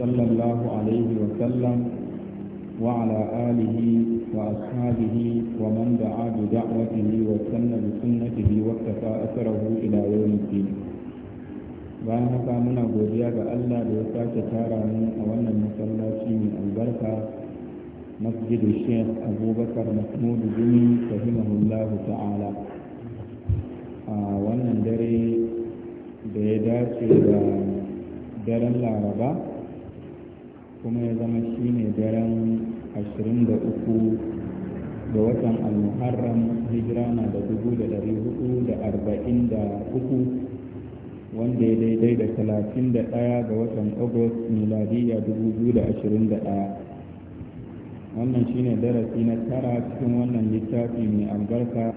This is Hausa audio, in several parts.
صلى الله عليه وسلم وعلى آله وأصحابه ومن دعا بدعوته وسن بسنته واكتفى أثره إلى يوم الدين bayan haka muna godiya ga Allah da ya sake tara mu a wannan masallaci mai albarka Masjid sheikh abubakar mahmudu jini rahimahullahu ta'ala a wannan dare da ya dace da daren laraba kuma ya zama shi ne daren 23 ga watan al-muharram hijira na da 443 wanda ya daidai da 31 ga watan agus miladiya 2021 wannan shi ne darasi na tara cikin wannan littafi mai albarka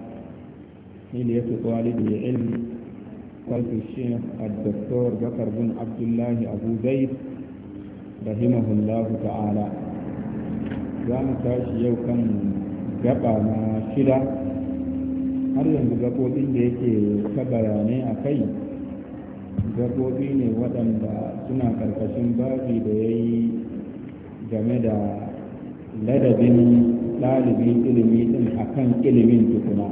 da ya ilmi kwalfi shi a dr bakar bin abdullahi abu zaid rahimahullahu ta'ala za mu tashi yau kan gaba na shida har yanzu gabobin da yake ta bayanai a kai gaɓoɓi ne waɗanda suna ƙarƙashin babi da ya yi game da ladabin ɗalibin ilimi ɗin a kan ilimin tukuna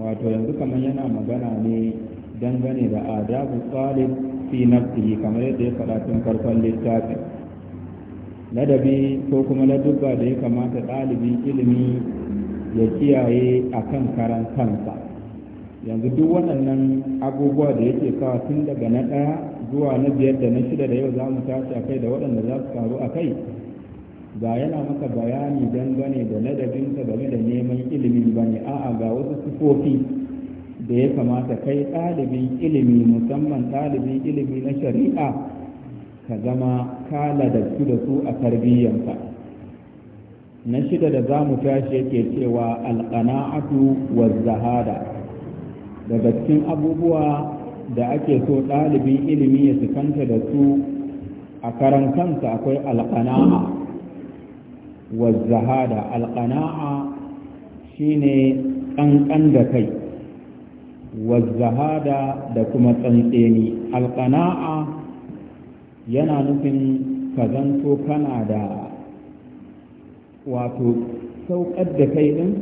wato yanzu kamar yana magana ne dangane da adabu tsalib fi nafsihi kamar yadda ya faɗa tun farkon littafi ladabi ko kuma ladubba da ya kamata ɗalibin ilimi ya kiyaye a kan karan yanzu duk waɗannan abubuwa da yake kawa tun daga na ɗaya zuwa na biyar da na shida da yau za mu tashi a kai da waɗanda za su faru a kai ba yana maka bayani dangane da ladabinka game da neman ilimi ba ne a'a ga wasu sifofi da ya kamata kai ɗalibin ilimi musamman ɗalibin ilimi na shari'a ka zama ka ladabtu da su a tarbiyyansa na shida da za mu tashi yake cewa alƙana'atu wa zahada daga cikin abubuwa da ake so ɗalibin ilimi ya sukanta da su a karan kansa akwai alƙana'a wa zahada alƙana'a shine ƙanƙan da kai wa zahada da kuma tsantseni alƙana'a yana nufin ka zanto kana da wato sauƙar da kai ɗin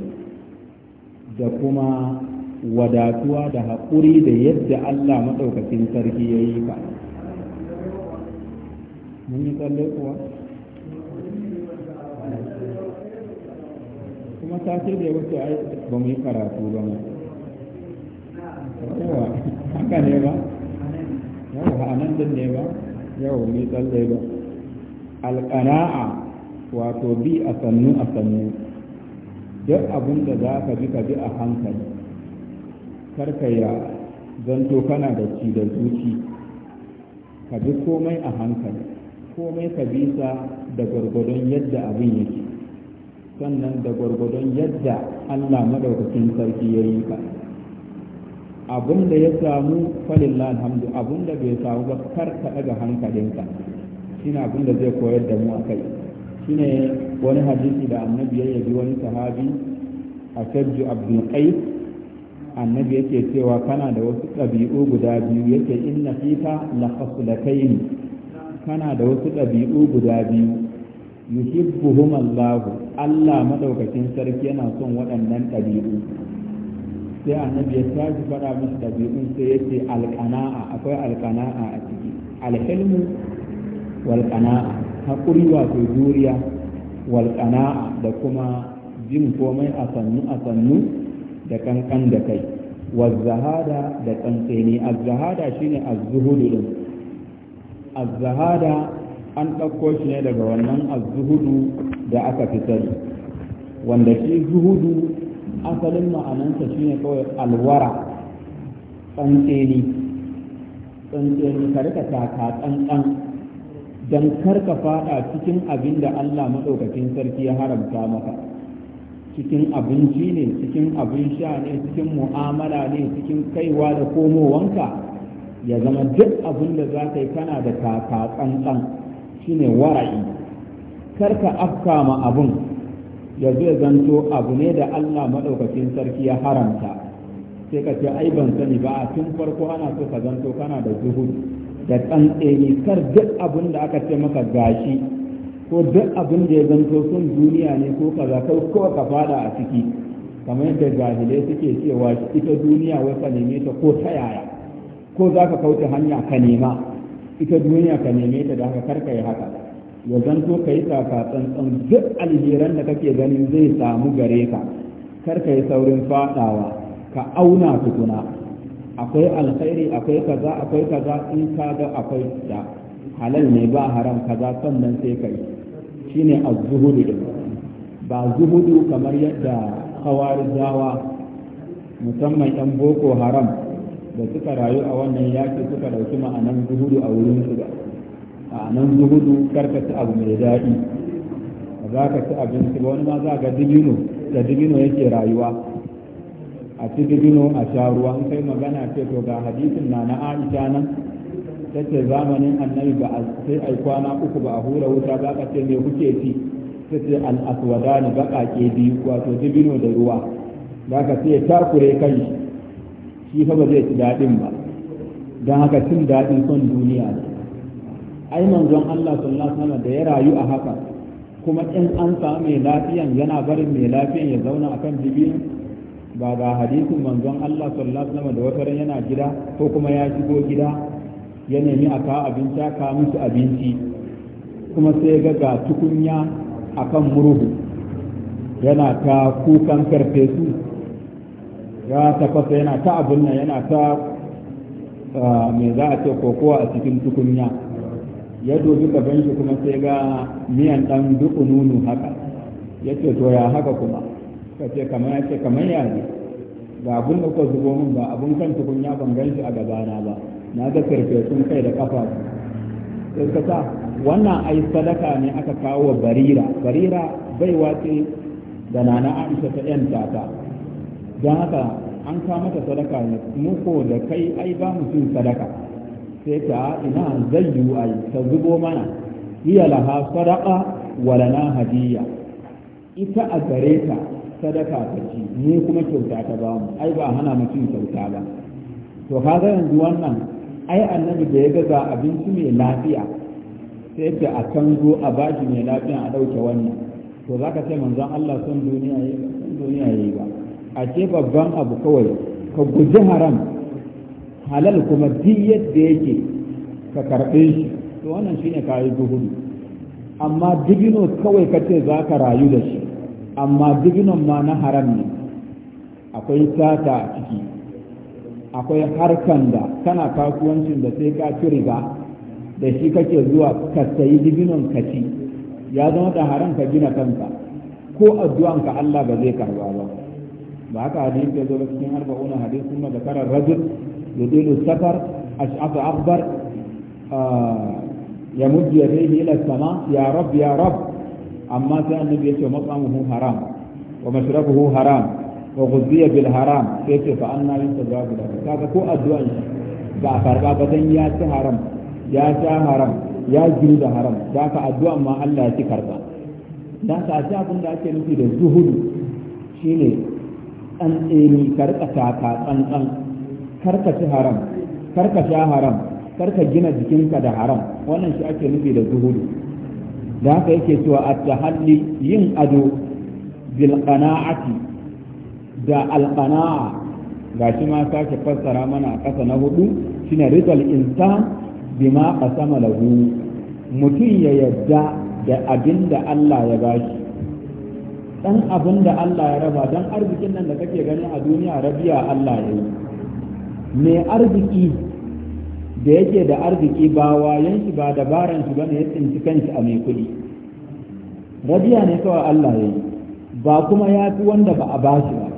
da kuma wadatuwa da haƙuri da yadda Allah maɗaukacin sarki ya yi ka. Mun yi tsalle kuwa? Kuma sace da ya wuce ai ba mu yi karatu ba mu. Yawa, haka ne ba? Yawa, a nan ne ba? yau ni tsalle ba alƙana'a wato bi a sannu a sannu duk abin da za ka bi ka bi a hankali karka ya zanto kana da ci da zuci ka bi komai a hankali komai ka bi sa da gwargwadon yadda abin yake sannan da gwargwadon yadda allah maɗaukacin sarki ya yi ka Abun da ya samu falillah alhamdu abun da bai samu ba kar ka daga hankalinka shine abun da zai koyar da mu a kai shine wani hadisi da annabi ya yabi wani sahabi a sabju abdul qais annabi yake cewa kana da wasu ɗabi'u guda biyu yake inna fika la khaslatayn kana da wasu ɗabi'u guda biyu yuhibbuhum Allah Allah madaukakin sarki yana son waɗannan ɗabi'u sai annabi ya tashi faɗa musu ɗabi'un sai ya ce alƙana'a akwai alƙana'a a ciki alhilmu walƙana'a, haƙuri wato juriya walƙana'a, da kuma jin komai a sannu a sannu da kankan da kai wazzahada da tsantseni azzahada shine azzuhudu din azzahada an ɗauko shi ne daga wannan azzuhudu da aka fitar, wanda shi zuhudu asalin ma'anansa shine kawai alwara tsantseni tsantseni ka rika taka tsantsan don karka fada cikin abin da Allah maɗaukakin sarki ya haramta maka cikin abinci ne cikin abin sha ne cikin mu'amala ne cikin kaiwa da komowanka ya zama duk abin da za ka yi kana da taka tsantsan shine wara'i karka afka ma abin ya zai zanto abu ne da Allah maɗaukakin sarki ya haramta sai ka ce ai ban sani ba a tun farko ana so ka zanto kana da zuhud da tsantseni kar duk abin da aka ce maka gashi ko duk abin da ya zanto sun duniya ne ko kaza kai ko ka fada a ciki kamar yadda jahilai suke cewa ita duniya wai ka neme ta ko ta yaya ko za ka kauce hanya ka nema ita duniya ka neme ta da haka kar ka yi haka ya zanto ka yi kaka tsantsan duk alheran da kake ganin zai samu gare ka kar ka yi saurin fadawa ka auna tukuna akwai alkhairi akwai kaza akwai kaza in ka ga akwai da halal ne ba haram kaza sannan sai kai shine az-zuhudu din ba zuhudu kamar yadda khawarijawa musamman yan boko haram da suka rayu a wannan yaki suka dauki ma'anan zuhudu a wurin su ba a nan zuhudu karka ci abu mai daɗi ba za ka ci abinci ba wani ma za ga dibino da dibino yake rayuwa a ci dibino a sha ruwa in kai magana ce to ga hadisin na na aisha nan ta ce zamanin annabi ba a sai ai kwana uku ba a hura wuta za ka ce me kuke ci ta ce al aswada ne baƙaƙe biyu wato dibino da ruwa za ka ce takure kai shi fa ba zai ci daɗin ba don haka cin daɗin son duniya ne ai manzon Allah sallallahu alaihi da ya rayu a haka kuma in an samu mai lafiyan yana barin mai lafiyan ya zauna akan jibin ba ga hadisin manzon Allah sallallahu alaihi wasallam da wata ran yana gida ko kuma ya shigo gida ya nemi a kawo abinci a kawo musu abinci kuma sai ga ga tukunya akan murhu yana ta kukan karfesu ya tafasa yana ta abin nan yana ta ah, mai za a ce kokowa a cikin tukunya ya dubi gaban shi kuma sai ga miyan dan duku nunu haka ya ce to ya haka kuma ka ce kamar ya ce kamar ya ne ga abun da kuka zubo min ba abun kan tukunya ban gan shi a gabana ba na ga sun kai da kafa sai ka sa wannan ai sadaka ne aka kawo barira barira bai wace da nana aisha ta yan tata don haka an kawo mata sadaka ne mu ko da kai ai ba mu cin sadaka sai ta ina zai yi a ta zubo mana iya laha sadaka walana hadiya ita a gare ta sadaka ta ci kuma kyauta ta ba mu ai ba hana mutum kyauta ba to kaga yanzu wannan ai annabi da ya gaza abinci mai lafiya sai da a kan zo a bashi mai lafiya a ɗauke wannan to zaka ce manzon Allah son duniya yayi yi ba a ce babban abu kawai ka guji haram halal kuma duk yadda yake ka karɓe shi to wannan shine ka yi zuhudu amma dibino kawai ka ce za ka rayu da shi amma dubinon ma na haram ne akwai sata a ciki akwai harkan da kana kasuwancin da sai ka ci riba da shi kake zuwa ka sayi dubinon ka ci ya zama da haram ka gina kanka ko addu'an ka Allah ba zai karba ba ba haka hadisi ya zo cikin arba'una kuma da karar rajul يطيل السفر أشعث أخضر يمد يديه إلى السماء يا رب يا رب أما كان النبي يسوع مطعمه حرام ومشربه حرام وغذي بالحرام كيف فأنا ينتظر له كذا كو أدوان بأفر بابتن يا حرام يا حرام ya jiru da haram da ka addu'a ma Allah ya ci karba da ka ci abin da ake nufi da zuhudu shine tsantseni karkata ka tsantsan karka ci haram karka sha haram karka gina jikinka da haram wannan shi ake nufi da zuhudu da haka yake cewa at-tahalli yin ado bil qana'ati da al-qana'a gashi ma sake fassara mana a ƙasa na hudu shine rizal insan bima qasama lahu mutum ya yadda da abin da Allah ya bashi dan abin da Allah ya raba dan arzikin nan da kake gani a duniya rabiya Allah ya yi mai arziki da yake da arziki ba wayan shi ba dabaran shi ne ya tsinci kanshi a mai kuɗi rabiya ne kawai Allah ya yi ba kuma ya fi wanda ba a bashi ba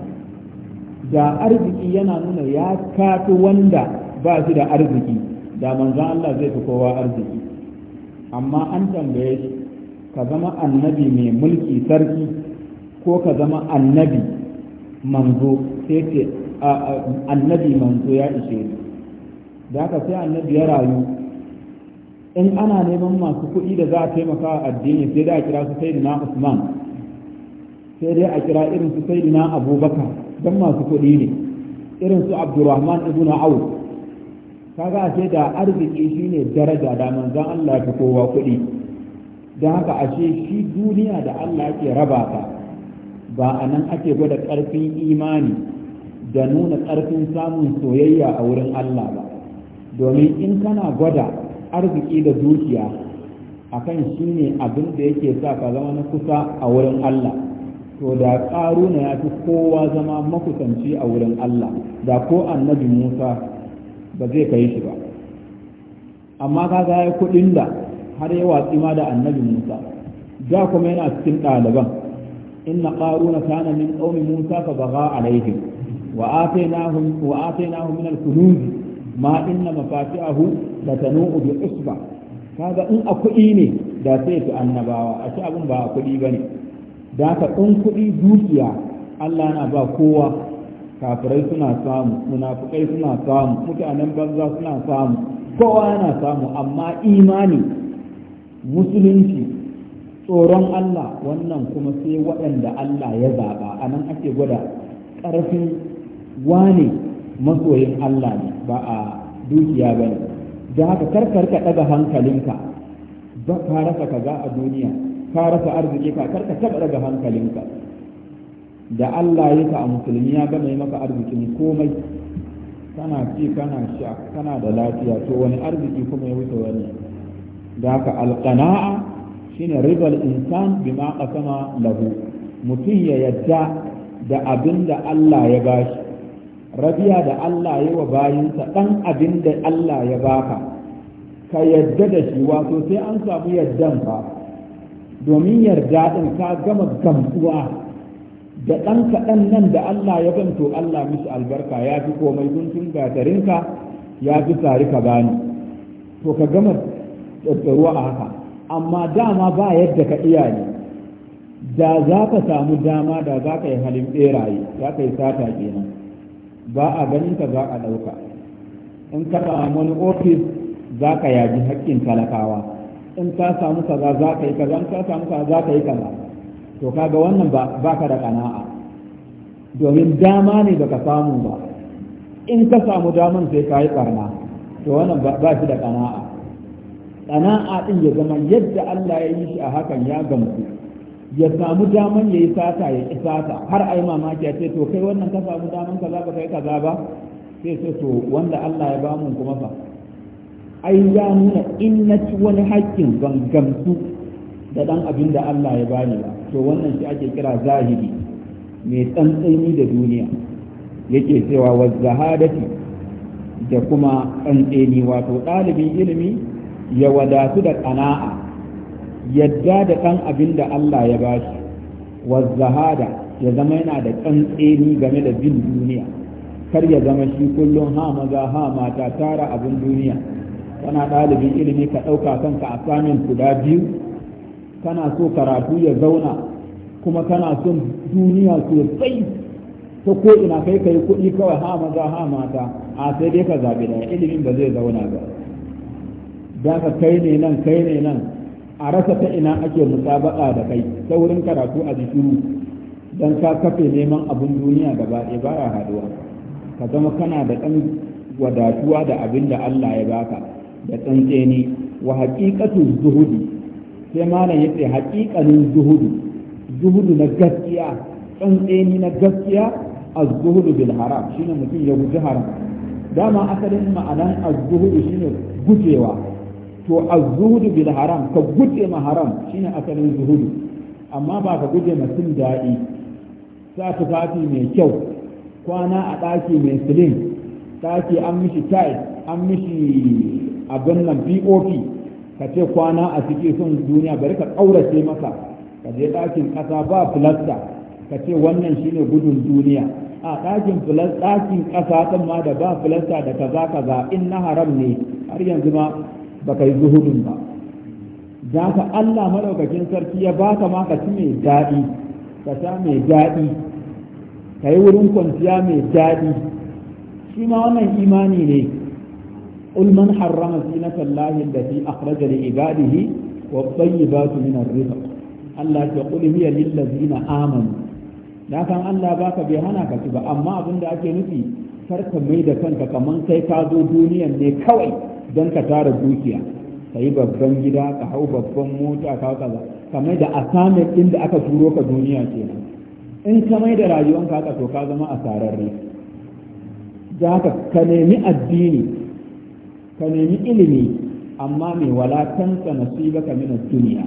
da arziki yana nuna ya kafi wanda ba shi da arziki da manzo Allah zai fi kowa arziki amma an tambaye shi ka zama annabi mai mulki sarki ko ka zama annabi manzo sai ce annabi manzo ya ishe su da haka sai annabi ya rayu in ana neman masu kuɗi da za a taimaka a addini sai dai a kira su na Usman sai dai a kira irin su na Abubakar don masu kuɗi ne irin su Abdurrahman ibn Auf kaga ashe da arziki shine daraja da manzon Allah ta kowa kuɗi don haka ashe shi duniya da Allah ke raba ka ba a nan ake gwada ƙarfin imani da nuna ƙarfin samun soyayya a wurin Allah ba domin in kana gwada arziki da dukiya akan shi ne abin da yake sa ka zama na kusa a wurin Allah to da ƙaruna ya fi kowa zama makusanci a wurin Allah da ko annabi Musa ba zai kai shi ba amma ka ga ya kuɗin da har yi watsi ma da annabi Musa da kuma yana cikin ɗaliban inna ƙaruna kana min ƙaumi Musa fa baga alaihim وآتيناهم وآتيناهم من الكنوز ما إن مفاتحه لتنوء بالعصبة kaga in a kuɗi ne da sai fi annabawa a ci abin ba a kuɗi ba ne da ka in kuɗi dukiya Allah na ba kowa kafirai suna samu munafukai suna samu mutanen banza suna samu kowa yana samu amma imani musulunci tsoron Allah wannan kuma sai waɗanda Allah ya zaɓa a nan ake gwada ƙarfin wane masoyin Allah ne ba a dukiya ba ne da haka ka ɗaga hankalinka ba ka rasa za a duniya ka rasa arziki ka karka taɓa ɗaga hankalinka da Allah ya ka a musulmi ya gama yi maka arzikin komai kana ci kana sha kana da lafiya to wani arziki kuma ya wuce wani da haka alqana'a shine ribal insan bima qasama lahu mutum ya yadda da abin da Allah ya bashi rabiya da Allah ya wa bayinsa ɗan abin da Allah ya baka ka yarda da shi wato sai an samu yardan ba, domin yarda ɗin ka gama gamsuwa da ɗan kaɗan nan da Allah ya banto Allah mishi albarka ya fi komai guntun gatarinka ya fi tsari ka bani to ka gama tsaruwa a haka amma dama ba yadda ka iyaye, da za ka samu dama da za ka yi halin ɓeraye za ka yi sata kenan ba a ganin ka za a ɗauka in ka samu wani ofis za ka yaji haƙƙin talakawa in ka samu kaza za ka yi kaza in ka samu kaza za ka yi kaza to kaga wannan ba ka da kana'a domin dama ne ka samu ba in ka samu daman sai ka yi barna to wannan ba shi da kana'a kana'a din ya zama yadda Allah ya yi shi a hakan ya gamsu ya samu daman ya yi sata ya ƙi sata har a yi mamaki a ce to kai wannan ka samu daman za ka kai kaza ba sai sai to wanda Allah ya bamu kuma fa ai ya nuna in na ci wani haƙƙin ban da ɗan abin da Allah ya bani ba to wannan shi ake kira zahiri mai tsantsani da duniya yake cewa wa zahadati da kuma tsantsani wato ɗalibin ilimi ya wadatu da ƙana'a yadda da ɗan abin da Allah ya ba shi wa zahada ya zama yana da ɗan tseni game da bin duniya kar ya zama shi kullum ha maza ha mata tara abin duniya kana ɗalibin ilimi ka ɗauka kanka a samin kuda biyu kana so karatu ya zauna kuma kana son duniya sosai ta ko ina kai kai kuɗi kawai ha maza ha mata a sai dai ka zaɓi da ilimin ba zai zauna ba da kai ne nan kai ne nan a rasa ta ina ake musabaka da kai ta wurin karatu a jikin don ka kafe neman abin duniya da ba ɗaya baya haduwa ka zama kana da ɗan wadatuwa da abin da Allah ya baka da tseni wa haƙiƙatu zuhudu sai malam ya ce haƙiƙanin zuhudu zuhudu na gaskiya tsantseni na gaskiya a zuhudu bil haram shine mutum ya guji haram dama asalin ma'anan a zuhudu shine gujewa to az-zuhdu bil haram ka guje ma haram shine asalin zuhudu amma ba ka guje ma sun daɗi sa tufafi mai kyau kwana a ɗaki mai silin ɗaki an mishi tiles an mishi abin nan pop ka ce kwana a cikin son duniya bari ka ƙaurace masa ka je ɗakin ƙasa ba filasta ka ce wannan shine gudun duniya a ɗakin ɗakin ƙasa ɗin ma da ba filasta da kaza kaza in na haram ne har yanzu ma baka yi zuhudun ba za ka Allah maɗaukakin sarki ya baka ma ka ci mai daɗi ka sha mai daɗi ka yi wurin kwanciya mai daɗi shi ma wannan imani ne قل من حرم زينة الله التي أخرج لعباده والطيبات من الرزق الله يقول هي للذين آمنوا da kan Allah baka bai hana ka ci ba amma abin da ake nufi kar ka mai da kanka kaman kai ka zo duniyan ne kawai Idan ka tara dukiya ka yi babban gida ka hau babban mota ka kaza kamar da assignment ɗin da aka turo ka duniya ce in ka mai da rayuwan ka to ka zama asararre da haka ka nemi addini ka nemi ilimi amma mai walakanta ka mina duniya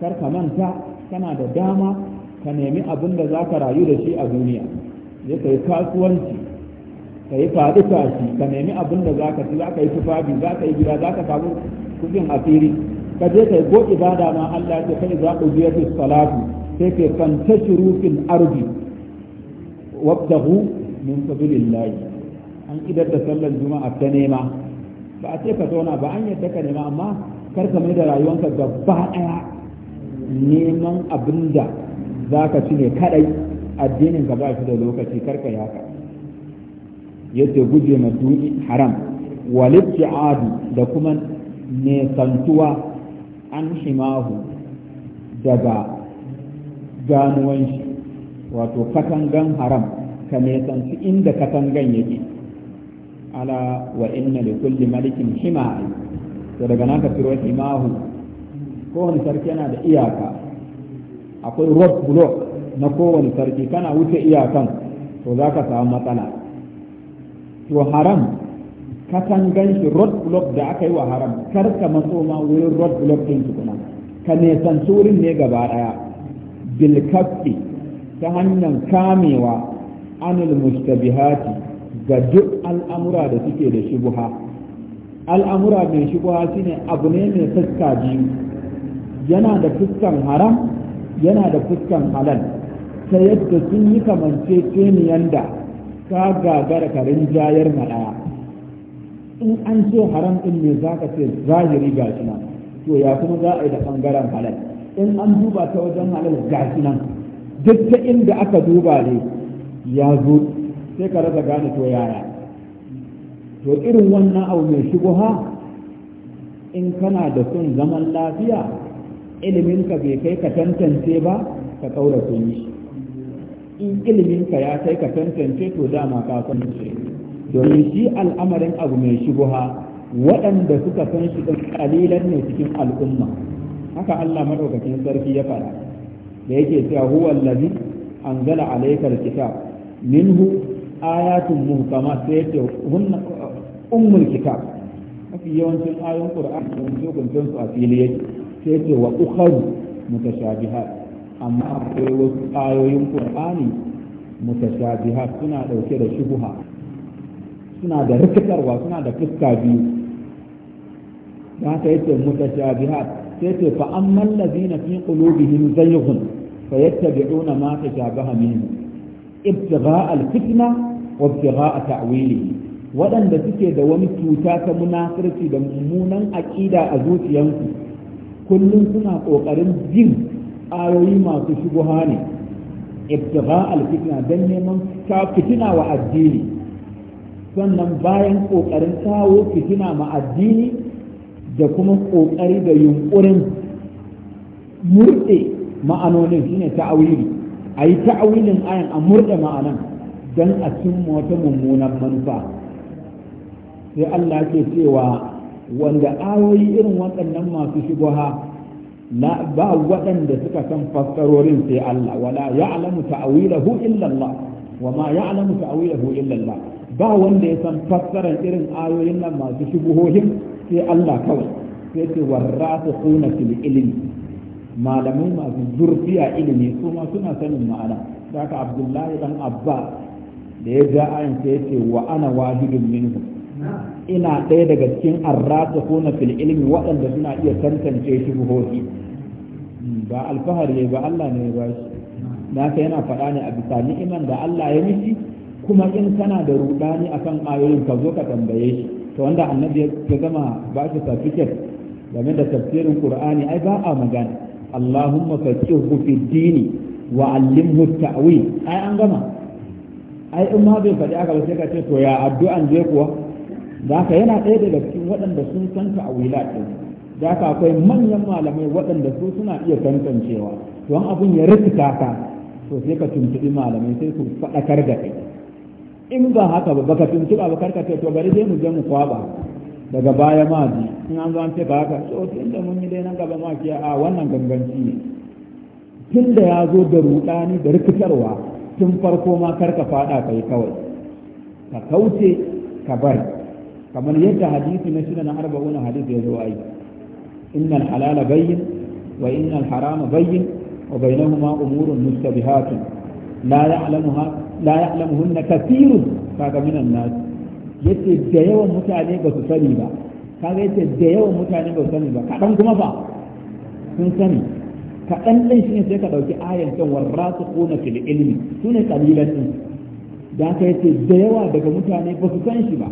kar ka manta kana da dama ka nemi abin da za ka rayu da shi a duniya ya kai kasuwanci ka yi faɗi fashi ka nemi abin da za ka ci za ka yi tufafi za ka yi gida za ka samu kusin asiri ka je ka yi ko ibada ma Allah ya kai za ku biya salatu sai ke fanta shurufin arzi wabdahu min sabulillahi an idar da sallar juma'a ta nema ba a ce ka zauna ba an yadda ka nema amma kar ka mai da rayuwanka gaba ɗaya neman abin da za ka ci ne kaɗai addinin ka ba shi da lokaci kar ka yaka yadda guje ma haram walibti'adu da kuma nesantuwa an himahu daga ganuwan shi wato katangan haram ka nesanci inda katangan yake ala wa inna li kulli malikin hima'i to daga nan ka firo himahu kowane sarki yana da iyaka akwai road block na kowane sarki kana wuce iyakan to za ka samu matsala to haram katangan shi road block da aka yi wa haram kar ka maso ma wurin road block din tukuna ka nesanci wurin ne gaba daya bil ta hanyar kamewa anil mustabihati ga duk al'amura da suke da shubuha al'amura mai shubuha shine abu ne mai fuska biyu yana da fuskan haram yana da fuskan halal ta yadda sun yi kamance kamanceceniyan da ka gagara ka rinjayar na ɗaya in an ce haram ɗin ne za ka ce zahiri ga shi to ya kuma za a yi da ɓangaren halal in an duba ta wajen halal ga shi nan duk ta inda aka duba ne ya zo sai ka rasa gane to yaya to irin wannan abu mai ha, in kana da son zaman lafiya ilimin ka bai kai ka tantance ba ka ƙaura sun in iliminka ya kai ka tantance to dama ka san shi domin shi al'amarin abu mai shubuha waɗanda suka san shi ɗin ƙalilan ne cikin al'umma haka Allah maɗaukacin sarki ya faɗa da yake cewa huwa allazi anzala alayka alkitab minhu ayatun muhkamat sai yace hunna ummul kitab mafi yawancin ayoyin qur'ani sun zo guntun su a fili yake sai yace wa ukharu mutashabihat amma akwai wasu ayoyin qur'ani mutashabiha suna ɗauke da shubuha suna da rikitarwa suna da fuska biyu da haka yace mutashabiha sai ce fa amman ladina fi qulubihim zayghun fayattabi'una ma tashabaha minhu ibtigha'a al-fitna wa ibtigha'a ta'wilihi waɗanda suke da wani cuta ta munafurci da mummunan aƙida a zuciyansu kullum suna ƙoƙarin jin ayoyi masu shubuha ne ibtigha alfitna dan neman ka fitina wa addini sannan bayan kokarin kawo fitina ma addini da kuma kokari da yunkurin Murde ma'anonin shine ta'awili ayi ta'awilin ayan a murɗe ma'anan dan a cimma wata mummunan manufa sai Allah ke cewa wanda ayoyi irin waɗannan masu shubuha ba waɗanda suka san fassarorin sai Allah wala ya'lamu ta'wilahu illa Allah wa ma ya'lamu ta'wilahu illa Allah ba wanda ya san fassarar irin ayoyin nan masu shubuhohin sai Allah kawai sai ce warrasikhuna fil ilmi malamai masu zurfiya ilimi su ma suna sanin ma'ana saka Abdullahi dan Abba da ya ja ayin sai ce wa ana wahidun minhum ina ɗaya daga cikin arrasa ko na fil ilmi waɗanda suna iya tantance shubuhohi hmm, ba alfahari ba Allah ne ba shi na sai yana faɗa ne a bisa ni'iman da Allah ya miki kuma in kana da rudani akan ayoyin ka zo ka tambaye shi to wanda annabi ya gama ba shi certificate game da tafsirin qur'ani ai ba a magana allahumma faqihhu fi dini wa allimhu ta'wil ai an gama ai in ma bai faɗi aka ba sai ka ce to ya addu'an je kuwa da haka yana ɗaya daga cikin waɗanda sun san a wila da haka akwai manyan malamai waɗanda su suna iya tantancewa don abin ya rikita ka to sai ka tuntuɓi malamai sai su faɗakar da kai in ba haka ba baka tuntuɓa ba karka ce to bari dai mu je mu kwaba daga baya ma ji in an zo an ce ka haka to da mun yi dai nan gaba ma kiya a wannan ganganci ne tun da ya zo da ruɗani da rikitarwa tun farko ma kar ka faɗa kai kawai ka kauce ka bari kamar yadda hadisi na shida na arba'una hadisi ya zo a ai innal halala bayyin wa innal harama bayyin wa ma umurun mustabihatun la ya'lamuha la ya'lamuhunna kathirun kaga minan nas yace da yawan mutane ba su sani ba kaga yace da yawan mutane ba su sani ba kadan kuma fa sun sani kaɗan ɗin shi sai ka ɗauki ayan kan warrasu ƙuna fil ilmi su ne ƙalilan ɗin da aka yace da yawa daga mutane ba su san shi ba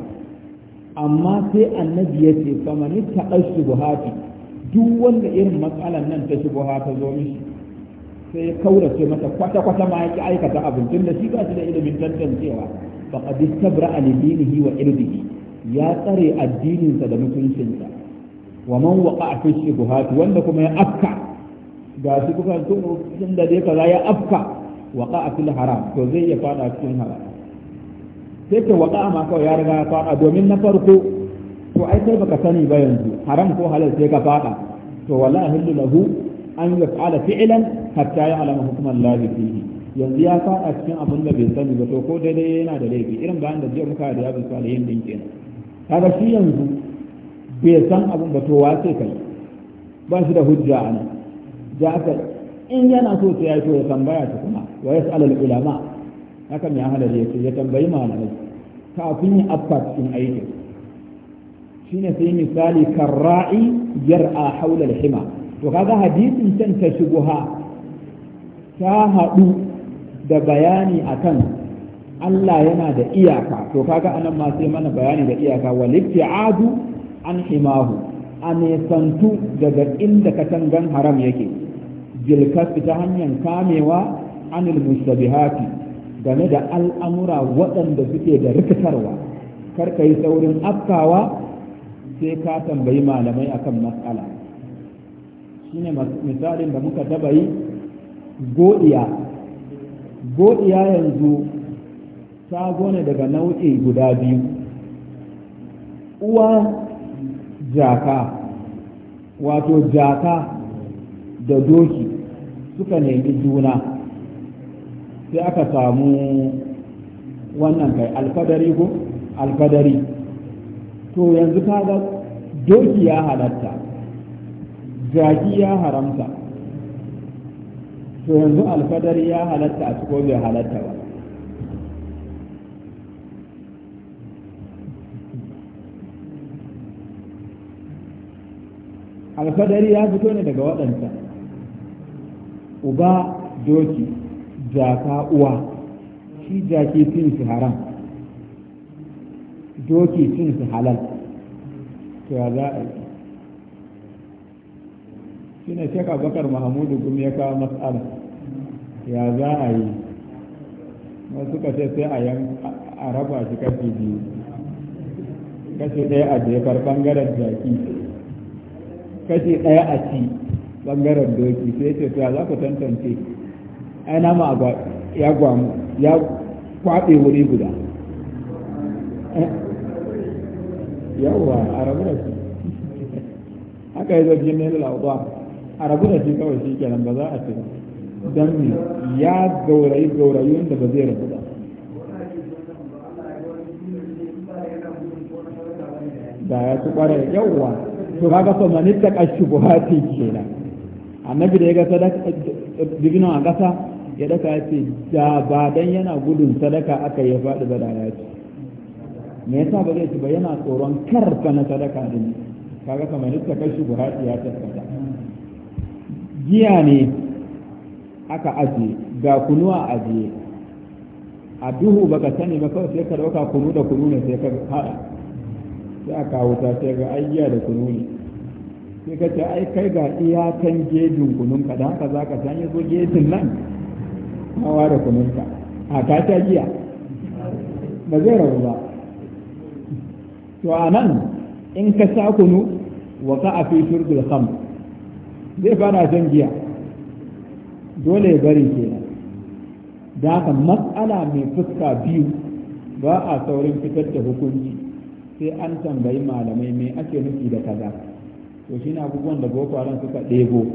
amma sai annabi ya ce famani ta shubuhati duk wanda irin matsalan nan ta shubuha ta zo mishi sai ya kaurace mata kwata-kwata ma yake aikata abin tun da shi ba shi da ilimin tantancewa fa qad istabra dinihi wa irdihi ya tsare addininsa da mutuncinsa wa man waqa fi shubuhat wanda kuma ya afka ga shi kuka tun da dai kaza ya afka a fil haram to zai ya fada cikin haram sai ta waka ma kawai ya riga ya faɗa domin na farko to ai sai baka sani ba yanzu haram ko halal sai ka faɗa to wallahi hillu lahu an yaf'ala fi'lan hatta ya'lama hukman lahi fihi yanzu ya faɗa cikin abin da bai sani ba to ko daidai yana da laifi irin bayan da jiya muka da yabin salihin din kenan kaga shi yanzu bai san abin ba to wa kai ba shi da hujja ana ja in yana so sai ya so ya tambaya ta kuma wa yas'alul ulama haka mai halar ya ce ya tambayi malamai kafin ya afka cikin aikin shine sai misali karra'i a haular hima to kaga hadisin can ta ha ta haɗu da bayani akan Allah yana da iyaka to kaga anan ma sai mana bayani da iyaka wal adu an himahu a nesantu daga inda katangan haram yake jilkas ta hanyar kamewa anil mustabihati game da al'amura waɗanda suke da rikitarwa karka yi saurin afkawa sai ka tambayi malamai akan matsala shine misalin da muka taba yi godiya godiya yanzu ta gone daga nau'i guda biyu uwa jaka wato jaka da doki suka nemi juna sai aka samu wannan kai alfadari ko alfadari to yanzu kaga doki ya halatta zaki ya haramta to yanzu alfadari ya halatta a cikin bai halatta ba alfadari ya fito ne daga waɗanta uba doki jaka uwa shi jaki cin su haram doki cin su halal to ya za a yi shi ne shek bakar mahamudu gumi ya kawo matsala ya za a yi wasu suka sai a raba shi kashi biyu kashi ɗaya a jefar ɓangaren jaki kashi ɗaya a ci ɓangaren doki sai ce to ya za ku tantance ai na nama ya gwamu ya kwaɓe wuri guda eh? yawwa a rabu da shi haka yi zargin ne lalata a rabu da shi kawai shi kenan ba za a ce don ya gaurayi gaurayin da ba zai rabu ba da ya ci kware yawwa to kaga fa manita kashi buhati kenan annabi da ya ga sadaka eh, eh, dibinan a kasa ya daka ya ce da ba dan yana gudun sadaka aka yi faɗi ba da ya ce me yasa ba zai ci ba yana tsoron karfa na sadaka din kaga kamar nuka kai shi buhari ya tabbata giya ne aka aje ga kunuwa aje a duhu baka sani ba kawai sai ka dauka kunu da kunu ne sai ka haɗa sai a kawo ta sai ga ai giya da kunu ne sai ka ce ai kai ga iyakan gejin kunun ka da haka zaka sanya zo gejin nan na da kunanta a ta ta jiya ba zai rabu ba to a nan in ka sa kunu wa ka a fi kam zai fara shan giya dole ya bari kenan da haka matsala mai fuska biyu ba a saurin fitar da hukunci sai an tambayi malamai mai ake nufi da kaza to shi abubuwan da boko haram suka ɗebo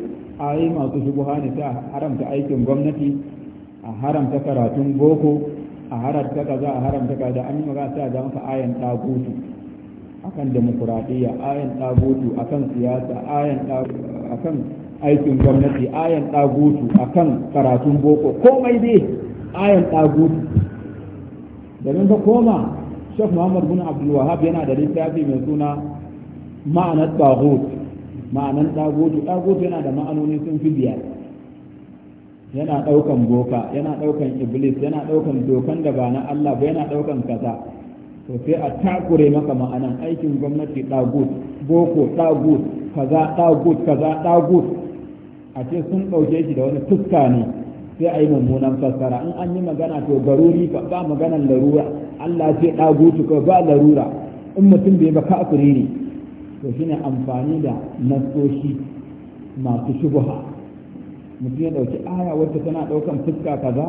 ayi masu shubuha ne ta haramta aikin gwamnati a haramta karatun boko a haramta kaza a haramta kaza an yi magana sai a ja maka ayan tagutu akan demokuraɗiyya ayan tagutu akan siyasa ayan akan aikin gwamnati ayan tagutu akan karatun boko komai dai ayan tagutu domin ka koma Sheikh Muhammad bin Abdul yana da littafi mai suna ma'anar tagut ma'anar tagutu tagutu yana da ma'anoni sun fi biyar yana ɗaukan boka yana ɗaukan iblis yana ɗaukan dokan da ba na Allah ba yana ɗaukan kaza to sai a takure maka ma'anan aikin gwamnati ɗagut boko ɗagut kaza ɗagut kaza ɗagut a ce sun ɗauke shi da wani fuska ne sai a yi mummunan fassara in an yi magana to garuri fa ba maganan larura Allah ce ɗagutu ko ba larura in mutum bai ba kafiri ne to shine amfani da nasoshi masu shubuha mutum ya dauki aya wacce tana daukan fuska kaza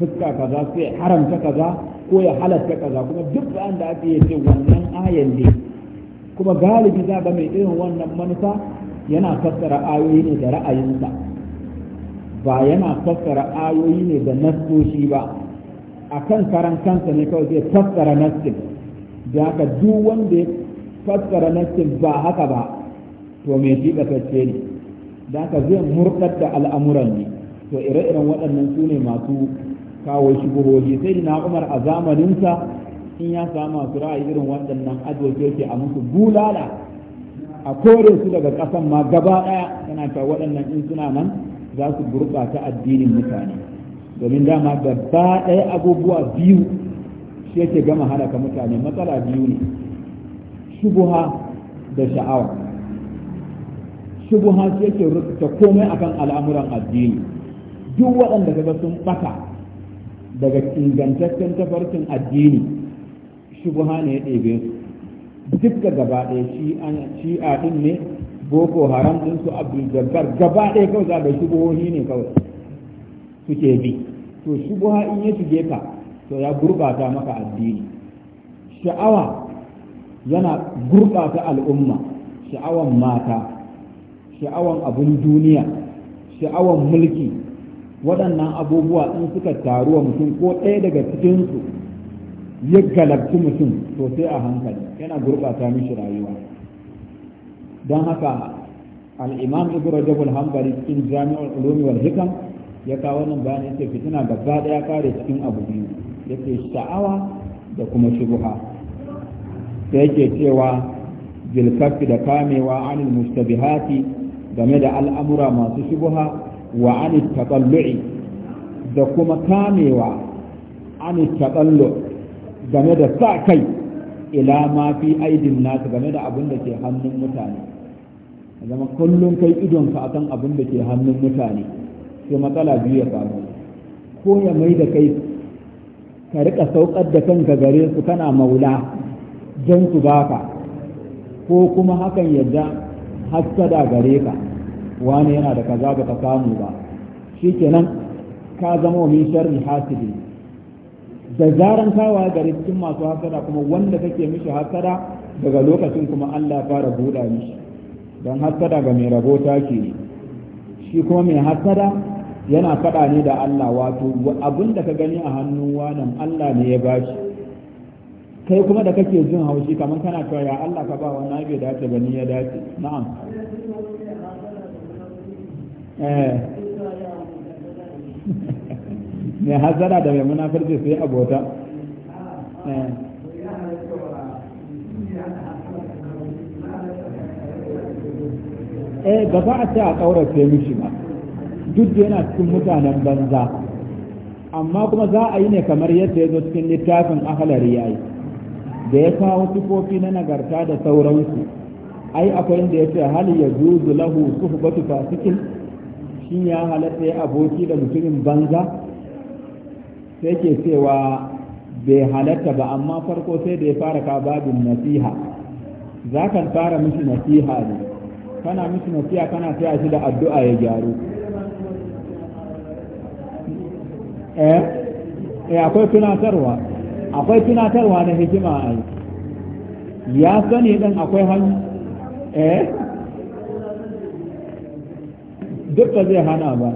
fuska kaza sai haramta kaza ko ya halatta kaza kuma duk bayan da ake yace wannan ayan ne kuma galibi za ga mai irin wannan manufa yana fassara ayoyi ne da ra'ayinsa ba yana fassara ayoyi ne da nassoshi ba a kan karan kansa ne kawai zai fassara nassin da haka duk wanda ya fassara nassin ba haka ba to mai shi ne da haka zai murɗar da al'amuran ne to ire-iren waɗannan su ne masu kawo shubuhohi sai na umar a zamaninsa in ya samu masu ra'ayi irin waɗannan advocacy a musu bulala a kore su daga ƙasan ma gaba ɗaya yana ta waɗannan in suna nan za su gurɓata addinin mutane domin dama gaba ɗaya abubuwa biyu shi yake gama halaka mutane matsala biyu ne shubuha da sha'awa shubuha ce yake rubuta komai akan al'amuran addini duk waɗanda kaga sun ɓata daga ingantaccen tafarkin addini shubuha ne ya ɗebe su duk da gaba ɗaya shi'a din ne boko haram din su abdul jabbar gaba ɗaya kawai za ga shubuhohi ne kawai suke bi to shubuha in ya shige ka to ya gurbata maka addini sha'awa yana gurɓata al'umma sha'awan mata sha'awan abun duniya sha'awan mulki waɗannan abubuwa in suka taru wa mutum ko ɗaya daga cikinsu ya galabci mutum sosai a hankali yana gurɓata mishi rayuwa don haka al'imam ibu rajabul al cikin jami'ar ulumi wal hikam ya kawo nan bayan yake fitina gaba ɗaya kare cikin abu biyu yake sha'awa da kuma shuguha sai yake cewa bilkafi da kamewa anil mustabihati game da al'amura masu shubuha wa an taɓallu'i da kuma kamewa an taɓallu game da sa kai ila ma fi aidin nasu game da abin da ke hannun mutane zama kullum kai idonka akan abin da ke hannun mutane sai matsala biyu ya faru ko ya mai da kai ka riƙa saukar da kanka gare su kana maula don su baka ko kuma hakan yadda hassada gare ka wani yana da kaza ba ka samu ba shi shikenan ka zama wa min sharri hasidi da zaran kawa gare cikin masu hasada kuma wanda kake mishi hasada daga lokacin kuma Allah fara buɗa mishi don hasada ga mai rabo ke shi kuma mai hasada yana faɗa ne da Allah wato abinda ka gani a hannun wanan Allah ne ya bashi kai kuma da kake jin haushi kamar kana cewa ya Allah ka ba wannan bai dace ba ni ya dace na'am eh ne hazara da mai munafurci sai abota eh eh ba za a ce a ƙaurace mishi ba duk da yana cikin mutanen banza amma kuma za a yi ne kamar yadda ya zo cikin littafin ahalar yayi da ya kawo sifofi na nagarta da sauransu ai akwai da ya ce hali ya juzu lahu suhbatu fasikin shin ya halatta ya aboki da mutumin banza sai ke cewa bai halatta ba amma farko sai da ya fara ka babin nasiha za kan fara mishi nasiha ne kana mishi nasiha kana taya shi da addu'a ya gyaru eh, eh akwai tunatarwa akwai tunatarwa na hikima a yi ya sani ɗin akwai hannu eh duk da zai hana ba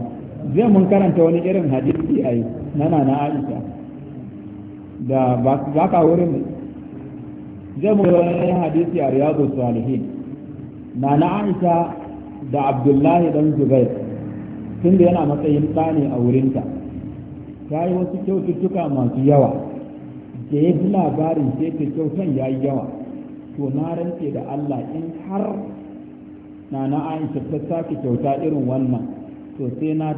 zai mun karanta wani irin hadisi a yi nana na aisha da ba ka wurin zai mun wani hadisi a riyadu salihin na na aisha da abdullahi dan zubai tun da yana matsayin tsani a wurinta ta yi wasu kyaututtuka masu yawa da ya fi labarin sai ta kyautan ya yi yawa to na rantse da Allah in har na na Aisha ta sake kyauta irin wannan to sai na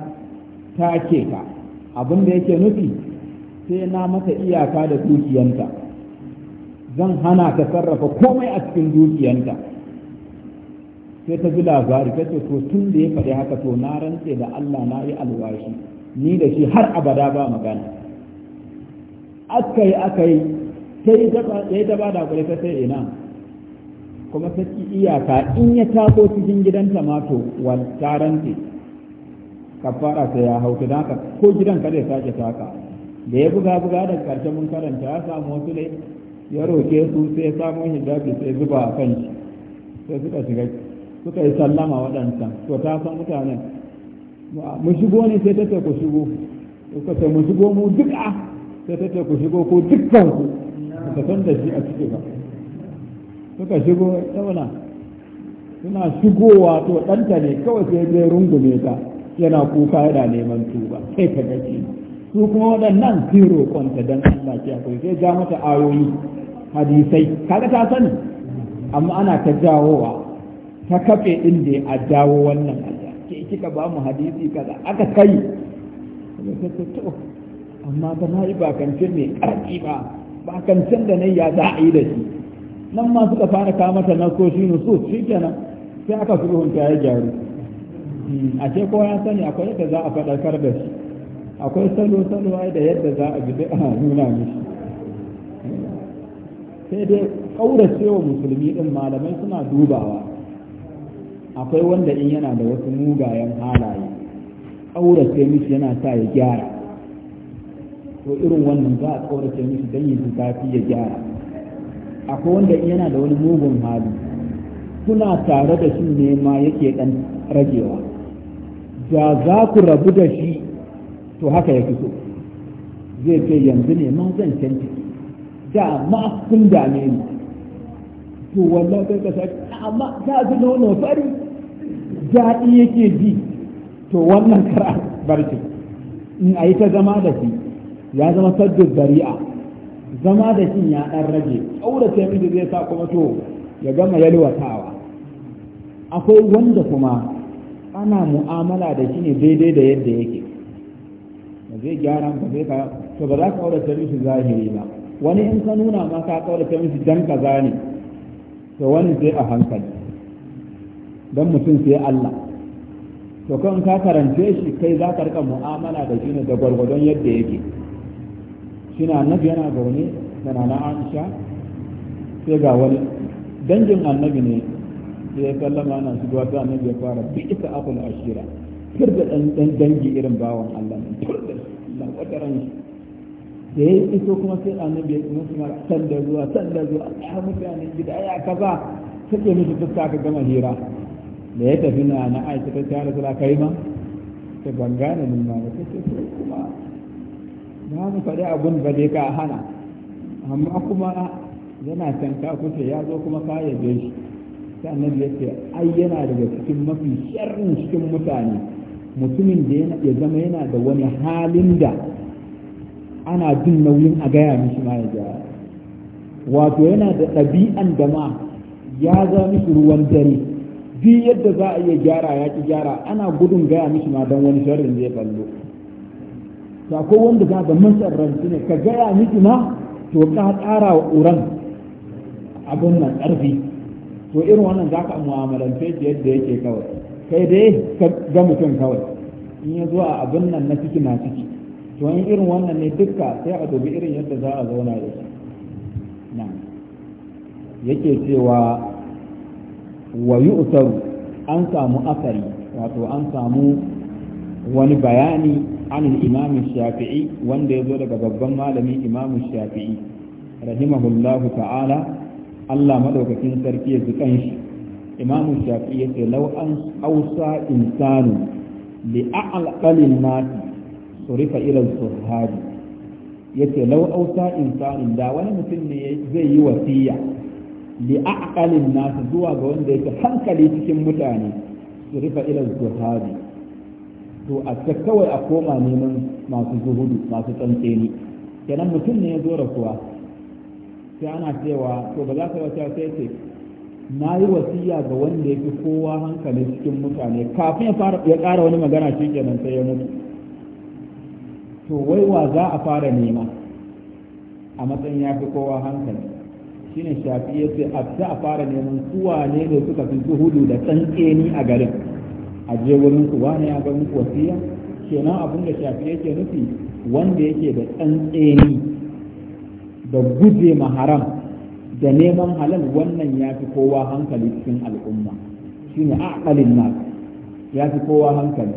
take ka abin da yake nufi sai na mata iyaka da dukiyanta zan hana ta sarrafa komai a cikin dukiyanta sai ta ji labari ta ce tun da ya faɗi haka to na rantse da Allah na yi alwashi ni da shi har abada ba magana aka yi aka yi sai ya yi ba da hakuri ta sai ina kuma ta ci iyaka in ya taso cikin gidanta ma to wantaranti kafara sai ya hauta da haka ko gidan ka zai sake taka da ya buga buga da karshe mun karanta ya samu wasu ne ya roke su sai samun hijabi sai zuba a kan shi sai suka shiga suka yi sallama waɗancan to ta san mutanen mu shigo ne sai ta ce ku shigo suka ce mu shigo mu duka sai ta ce ku shigo ku dukkan ku ka san da shi a ciki ba suka shigo tauna suna shigowa to ɗanta ne kawai sai zai rungume ta yana kuka yana neman tuba sai ka gaji su kuma waɗannan sun roƙonta don Allah ke akwai sai ja mata ayoyi hadisai kaga ta sani amma ana ta jawowa ta kafe ɗin da a jawo wannan aja ke kika ba mu hadisi kaza aka kai amma ba na yi bakancin mai ƙarfi ba bakancin da na ya za a yi da shi nan ma suka fara kawo mata na so shi so shi kenan sai aka ta ya gyaru hmm, a ce kowa ya sani akwai yadda za a faɗakar da shi akwai salo-salo ai da yadda za a bi a nuna mishi sai dai ƙaurace wa musulmi ɗin malamai suna dubawa akwai wanda in yana da wasu mugayen halaye ƙaurace mishi yana sa ya gyara to irin wannan za a tsorace mishi don yin zafi ya gyara akwai wanda yana da wani mugun hali kuna tare da shi ne ma yake dan ragewa da za ku rabu da shi to haka ya fi so zai ce yanzu ne ma zan canji da ma kun dame ni to wallah kai ka sake amma za su nono fari daɗi yake ji to wannan kara barci in a yi ta zama da shi ya zama saddu bari'a zama da shin ya dan rage sai miji zai sa kuma to ya gama yalwatawa akwai wanda kuma ana mu'amala da shi ne daidai da yadda yake ba zai gyara ba zai ka to ba za ka sai miji zahiri ba wani in ka nuna ma ka sai miji dan kaza ne to wani sai a hankali dan mutum sai Allah to kan ka karance shi kai za ka rika mu'amala da shi ne da gwargwadon yadda yake shine annabi yana zaune da nana aisha sai ga wani dangin annabi ne sai ya sallama ana su sai annabi ya fara bi ita akul ashira fir da dan dangi irin bawan Allah ne fir da Allah wata shi da ya iso kuma sai annabi ya kuma kuma san da zuwa san da zuwa ya mutane gida ya kaza take musu fuska ka gama hira da ya tafi na na aisha ta tare da kai ma ta bangana min ma ta ce kuma na mu faɗi abun ba dai ka hana amma kuma yana can ka kuce ya zo kuma ka yabe shi sannan ya ce ai yana daga cikin mafi sharrin cikin mutane mutumin da ya zama yana da wani halin da ana jin nauyin a gaya mishi ma ya gyara wato yana da ɗabi'an da ma ya za mishi ruwan dare duk yadda za a iya gyara ya ki gyara ana gudun gaya mishi ma don wani sharrin zai ballo ta ko wanda za ga ranci ne ka gaya miki ma to ka tsara wa uran abin nan ƙarfi to irin wannan za ka mu'amalance shi yadda yake kawai kai dai ka ga mutum kawai in ya zuwa abin nan na ciki na ciki to in irin wannan ne dukka sai a dubi irin yadda za a zauna da shi na yake cewa wa yu'taru an samu asari wato an samu wani bayani عن الإمام الشافعي وان دي زولك ببما لمي إمام الشافعي رحمه الله تعالى الله مدوك تنسر كي يزكنش إمام الشافعي لو أن أوصى إنسان لأعلقل الناس صرف إلى الصهاد yace lau ausa insanin da wani mutum ne zai yi wasiya li aqalin nasu zuwa ga wanda yake hankali cikin mutane su rufa ila zuhadi to a ta kawai a koma neman masu zuhudu masu tsantseni kenan mutum ne ya zo rasuwa sai ana cewa to ba za ka wata sai ce na yi wasiya ga wanda ya fi kowa hankali cikin mutane kafin ya fara ya ƙara wani magana shi kenan sai ya mutu to wai wa za a fara nema a matsayin ya fi kowa hankali shine shafi ya ce a fara neman suwa ne ne suka fi zuhudu da tsantseni a garin a je wurin ku wani ya ga muku wasiya kenan abin da shafi yake nufi wanda yake da tsantseni da guje ma haram da neman halal wannan ya fi kowa hankali cikin al'umma shine aqalin nas ya fi kowa hankali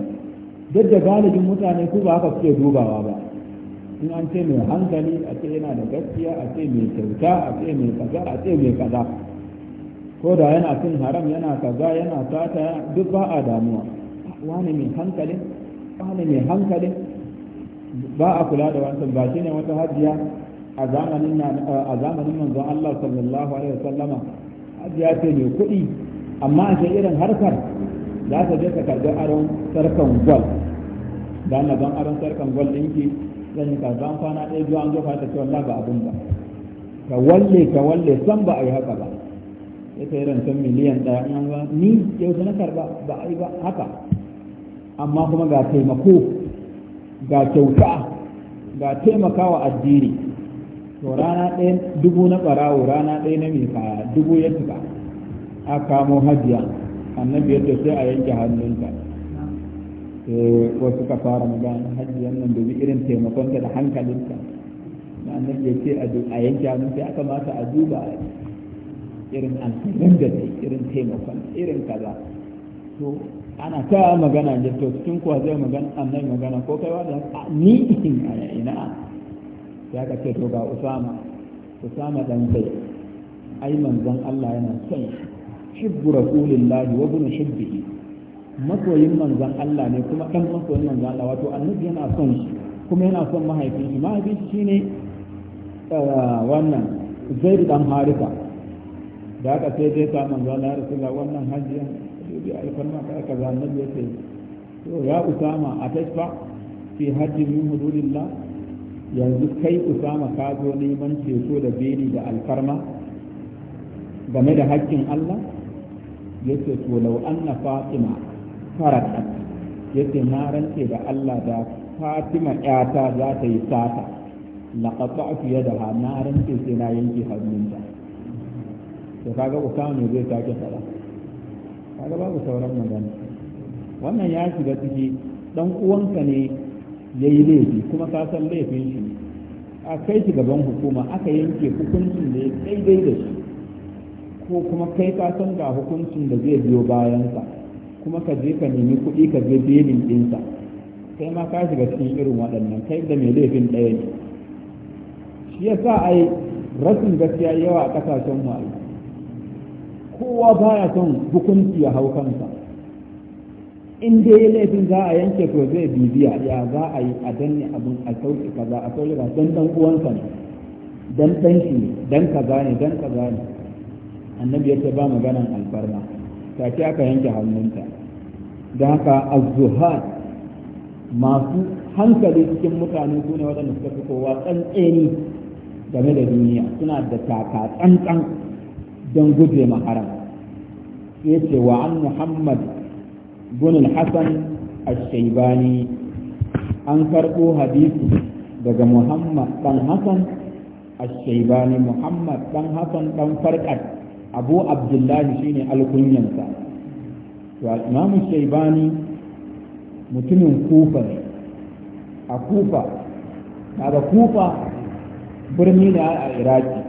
duk da galibin mutane ku ba haka suke dubawa ba in an ce mai hankali a ce yana da gaskiya a ce mai kyauta a ce mai kaza a ce mai kaza ko da yana cin haram yana kaza yana tata duk ba a damuwa wani mai hankalin wani mai hankalin ba a kula da wancan ba shi ne wata hajiya a zamanin a manzon Allah sallallahu alaihi sallama hajiya ce mai kuɗi amma a ce irin harkar za ta je ka karɓi aron sarkan gwal da na zan aron sarkan gwal ɗinki zan yi karɓan kwana ɗaya biyu an zo ka ta ce wallah ba abin ba ka walle ka walle san ba a yi haka ba ya kai rancen miliyan ɗaya in an ni yau na karba ba a yi ba haka amma kuma ga taimako ga kyauta ga taimakawa addini to rana ɗaya dubu na ɓarawo rana ɗaya na mika dubu ya cika a kamo hajiya annabi yadda sai a yanke hannunta eh, wasu ka fara magana hajiyan nan dubi irin taimakonta da hankalinta annabi ya ce a yanke hannunta ya kamata a duba irin alkhairan da zai irin taimakon irin kaza to ana ta magana da to cikin kuwa zai magana annai magana ko kaiwa da ni ina ina ya ka ce to ga usama usama dan sai ai manzon Allah yana son shibbu rasulillahi wa bunu shibbihi masoyin manzon Allah ne kuma dan masoyin manzon Allah wato annabi yana son shi kuma yana son mahaifin shi mahaifin shi ne eh, wannan zai dan harika da aka sai dai ta manzo Allah ya rasulullah wannan hajiya bi alfarma ka aka za annabi ya sai to ya usama a tashfa fi hajji min hududillah yanzu kai usama ka zo neman ceto da beni da alfarma game da haƙƙin Allah yace to law anna fatima farakat yace na rance da Allah da fatima yata za ta yi sata fi yadaha na rance sai na yanke hannunta to kaga usama ne zai sake Ka kaga babu sauran magana wannan ya shiga ciki dan uwanka ne ya yi laifi kuma ka san laifin shi a kai shi gaban hukuma aka yanke hukuncin da ya daidai da shi ko kuma kai ka san ga hukuncin da zai biyo bayansa kuma ka je ka nemi kuɗi ka je belin ɗinsa kai ma ka shiga cikin irin waɗannan kai da mai laifin ɗaya ne shi ya a ai rasin gaskiya yawa a ƙasashen mu kowa baya son hukunci ya hau kansa in dai ya laifin za a yanke to zai bibiya ya za a yi a danne abin a sauki kaza a sauki kaza don dan uwansa ne dan dan shi ne dan kaza ne dan kaza ne annabi ya ce ba maganan alfarma ce aka yanke hannunta da haka az masu hankali cikin mutane su ne waɗanda suka fi kowa tsantseni game da duniya suna da taka tsantsan don guje ma haram sai ce wa an muhammad bin hasan ash-shaybani an karɓo hadisi daga muhammad dan hasan ash-shaybani muhammad dan hasan dan farqat abu abdullahi shine alkunyansa to imam shaybani mutumin kufa ne a kufa daga kufa birni ne a iraki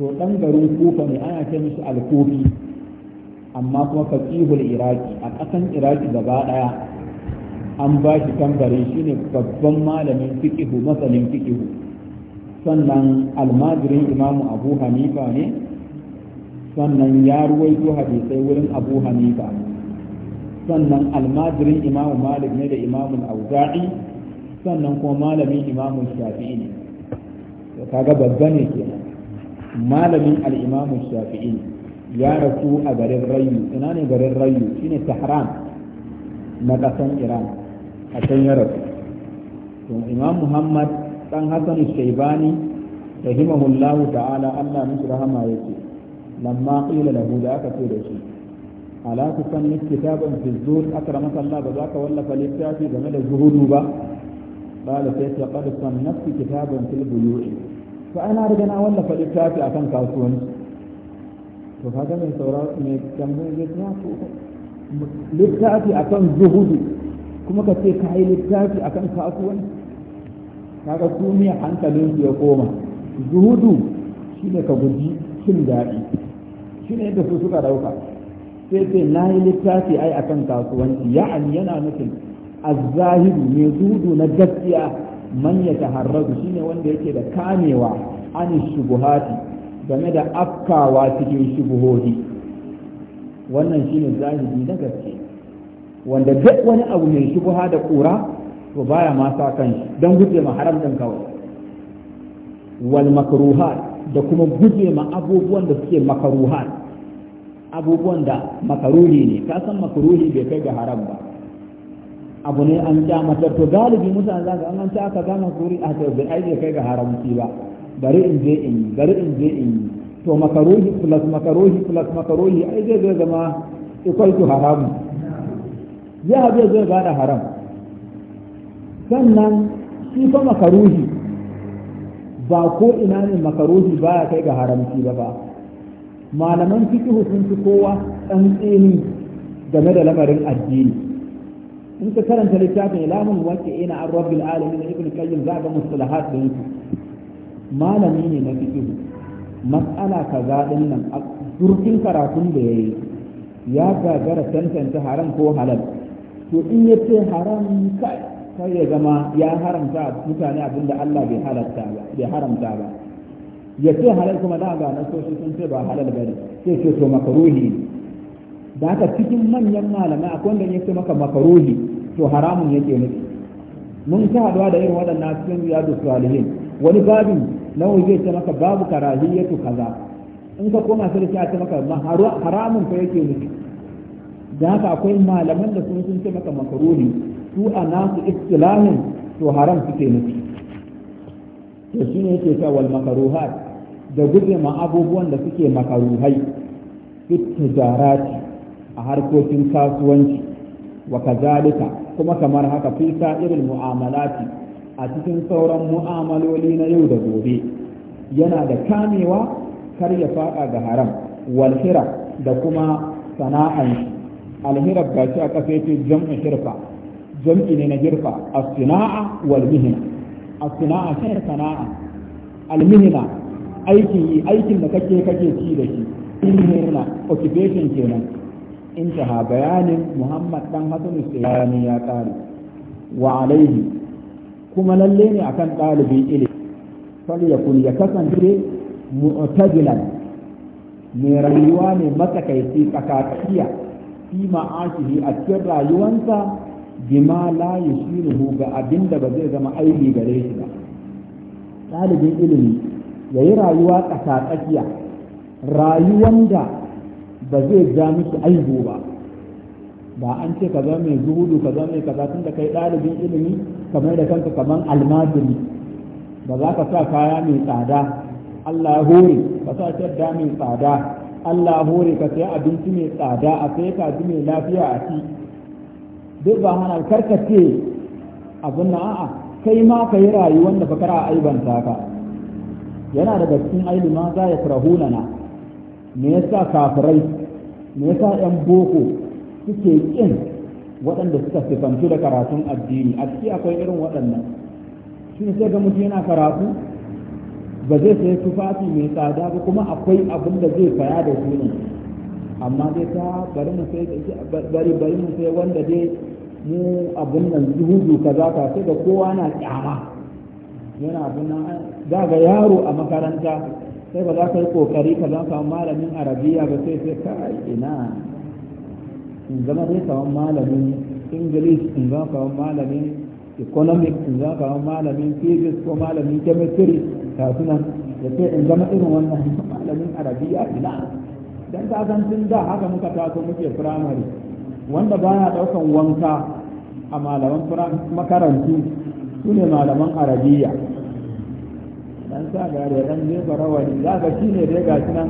to ɗan garin kufa ne ana ce mishi alkofi amma kuma faqihul iraki a ƙasan iraki gaba ɗaya an ba shi tambari shine babban malamin fiƙihu, masanin fiƙihu. sannan almajirin imamu abu hanifa ne sannan ya ruwaito hadisai wurin abu hanifa sannan almajirin imamu malik ne da imamu auza'i sannan kuma malamin imamu shafi'i ne kaga babba ne kenan malamin al'imamu shafi'i ya rasu a garin rayu ina ne garin rayu shine tahran na ƙasan iran a can ya rasu imam muhammad dan hassan shaibani rahimahullahu ta'ala allah mishi rahama yake lamma qila lahu da aka ce da shi ala ku san kitaban fi zuhur akramaka allah ba za ka wallafa littafi game da zuhudu ba qala sai ta qad nafi kitaban fil buyu'i to ana riga na wallafa littafi akan kasuwanci to ga mai sauraro mai tambayar zai ya to littafi akan zuhudu kuma ka ce ka yi littafi akan kasuwanci kaga ga ne hankalin su ya koma zuhudu shine ka guji cin daɗi shine yadda su suka dauka sai sai na yi littafi ai akan kasuwanci ya'ani yana nufin azzahidu mai zuhudu na gaskiya man ya taharrazu shine wanda yake da kamewa an shubuhati game da afkawa cikin shubuhohi wannan shine zahiri na gaske wanda duk wani abu mai shubuha da kura to baya ma sa kan shi. don guje ma haram kawai wal makruhat da kuma guje ma abubuwan da suke makruhat abubuwan da makaruhi ne ka san makruhi bai kai ga haram ba abu ne an kyamata to galibi mutane za ka an ci aka gama kuri a ta bai aiki kai ga haramci ba bari in je in yi bari in je in yi to makarohi plus makarohi plus makarohi ai zai zai zama ikwai to haramu ya zai zai bada haram sannan shi fa makarohi ba ko ina ne makarohi ba ya kai ga haramci ba ba malaman fikihu sun kowa kowa tsantseni game da lamarin addini in ka karanta littafin ilahun wake ina an rabbil alamin ibn qayyim za ga mustalahat din su malami ne na fiqh Matsala kaza din nan a turkin karatun da ya yi ya gagara tantance haram ko halal to in ya ce haram kai kai ya zama ya haramta mutane abin da Allah bai halatta ba bai haramta ba ya ce halal kuma da ga na soshi sun ce ba halal bane sai ce to makaruhi da haka cikin manyan malamai akwai wanda ya ce maka makaruhi to haramun yake nufi mun ta haɗuwa da irin waɗannan cikin da salihin wani babin na zai ce maka babu karahiyatu kaza in ka koma sai ta ce maka haramun fa yake nufi da haka akwai malaman da sun ce maka makaroni su a nasu istilahin to haram suke nufi to shi ne yake cewa makaruhat da guje ma abubuwan da suke makaruhai fit tijarati a harkokin kasuwanci wa kazalika kuma kamar haka fi sa'irin mu'amalati a cikin sauran mu'amaloli na yau da gobe yana da kamewa kar ya faɗa ga haram walhira da kuma sana'an alhira ba shi a kafe ce jam'in shirfa jam'i ne na girfa as sana'a wal mihna as sana'a shi sana'a al mihna aikin aikin da kake kake ci da shi mihna occupation kenan intaha bayanin muhammad ɗan hasan istiqani ya kare wa kuma lallai ne akan ɗalibin ilimi fal yakun ya kasance mu'tajilan mai rayuwa ne matsakaici tsakatiya fi ma'ashihi a cikin rayuwansa bima la yushiruhu ga abinda ba zai zama aiki gare shi ba ɗalibin ilimi ya yi rayuwa tsakatsakiya rayuwan da ba zai ja miki aibu ba ba an ce ka zama mai zuhudu kaza mai kaza tun da kai ɗalibin ilimi kamar da kanka kaman almajiri ba za ka sa kaya mai tsada Allah ya hore ka sa shadda mai tsada Allah ya hore ka sai abinci mai tsada a sai kaji mai lafiya a ci duk ba hana karkace abin na a'a kai ma ka yi rayuwar da fakara a aibanta ka yana daga cikin ailima za ya furahunana me yasa kafirai me yasa yan boko suke ƙin waɗanda suka sifantu da karatun addini a ciki akwai irin waɗannan shi sai ga mutum yana karatu ba zai sayi tufafi mai tsada ba kuma akwai abin da zai kaya da su ne amma dai ta bari mu sai bari bari mu sai wanda dai mu abin nan zuhudu kaza ka sai da kowa na ƙyama yana abin nan Da ga yaro a makaranta sai ba za ka yi kokari ka zama kamar malamin arabiya ba sai sai ka ina in zama sai kamar malamin ingilis in zama kamar malamin economic in zama kamar malamin physics ko malamin chemistry ta nan da sai in zama irin wannan malamin arabiya ina dan ta san tun da haka muka taso muke firamare wanda baya daukan wanka a malaman makarantu su ne malaman arabiya an sa da ɗan ne barawani za ka shi ne dai gashi nan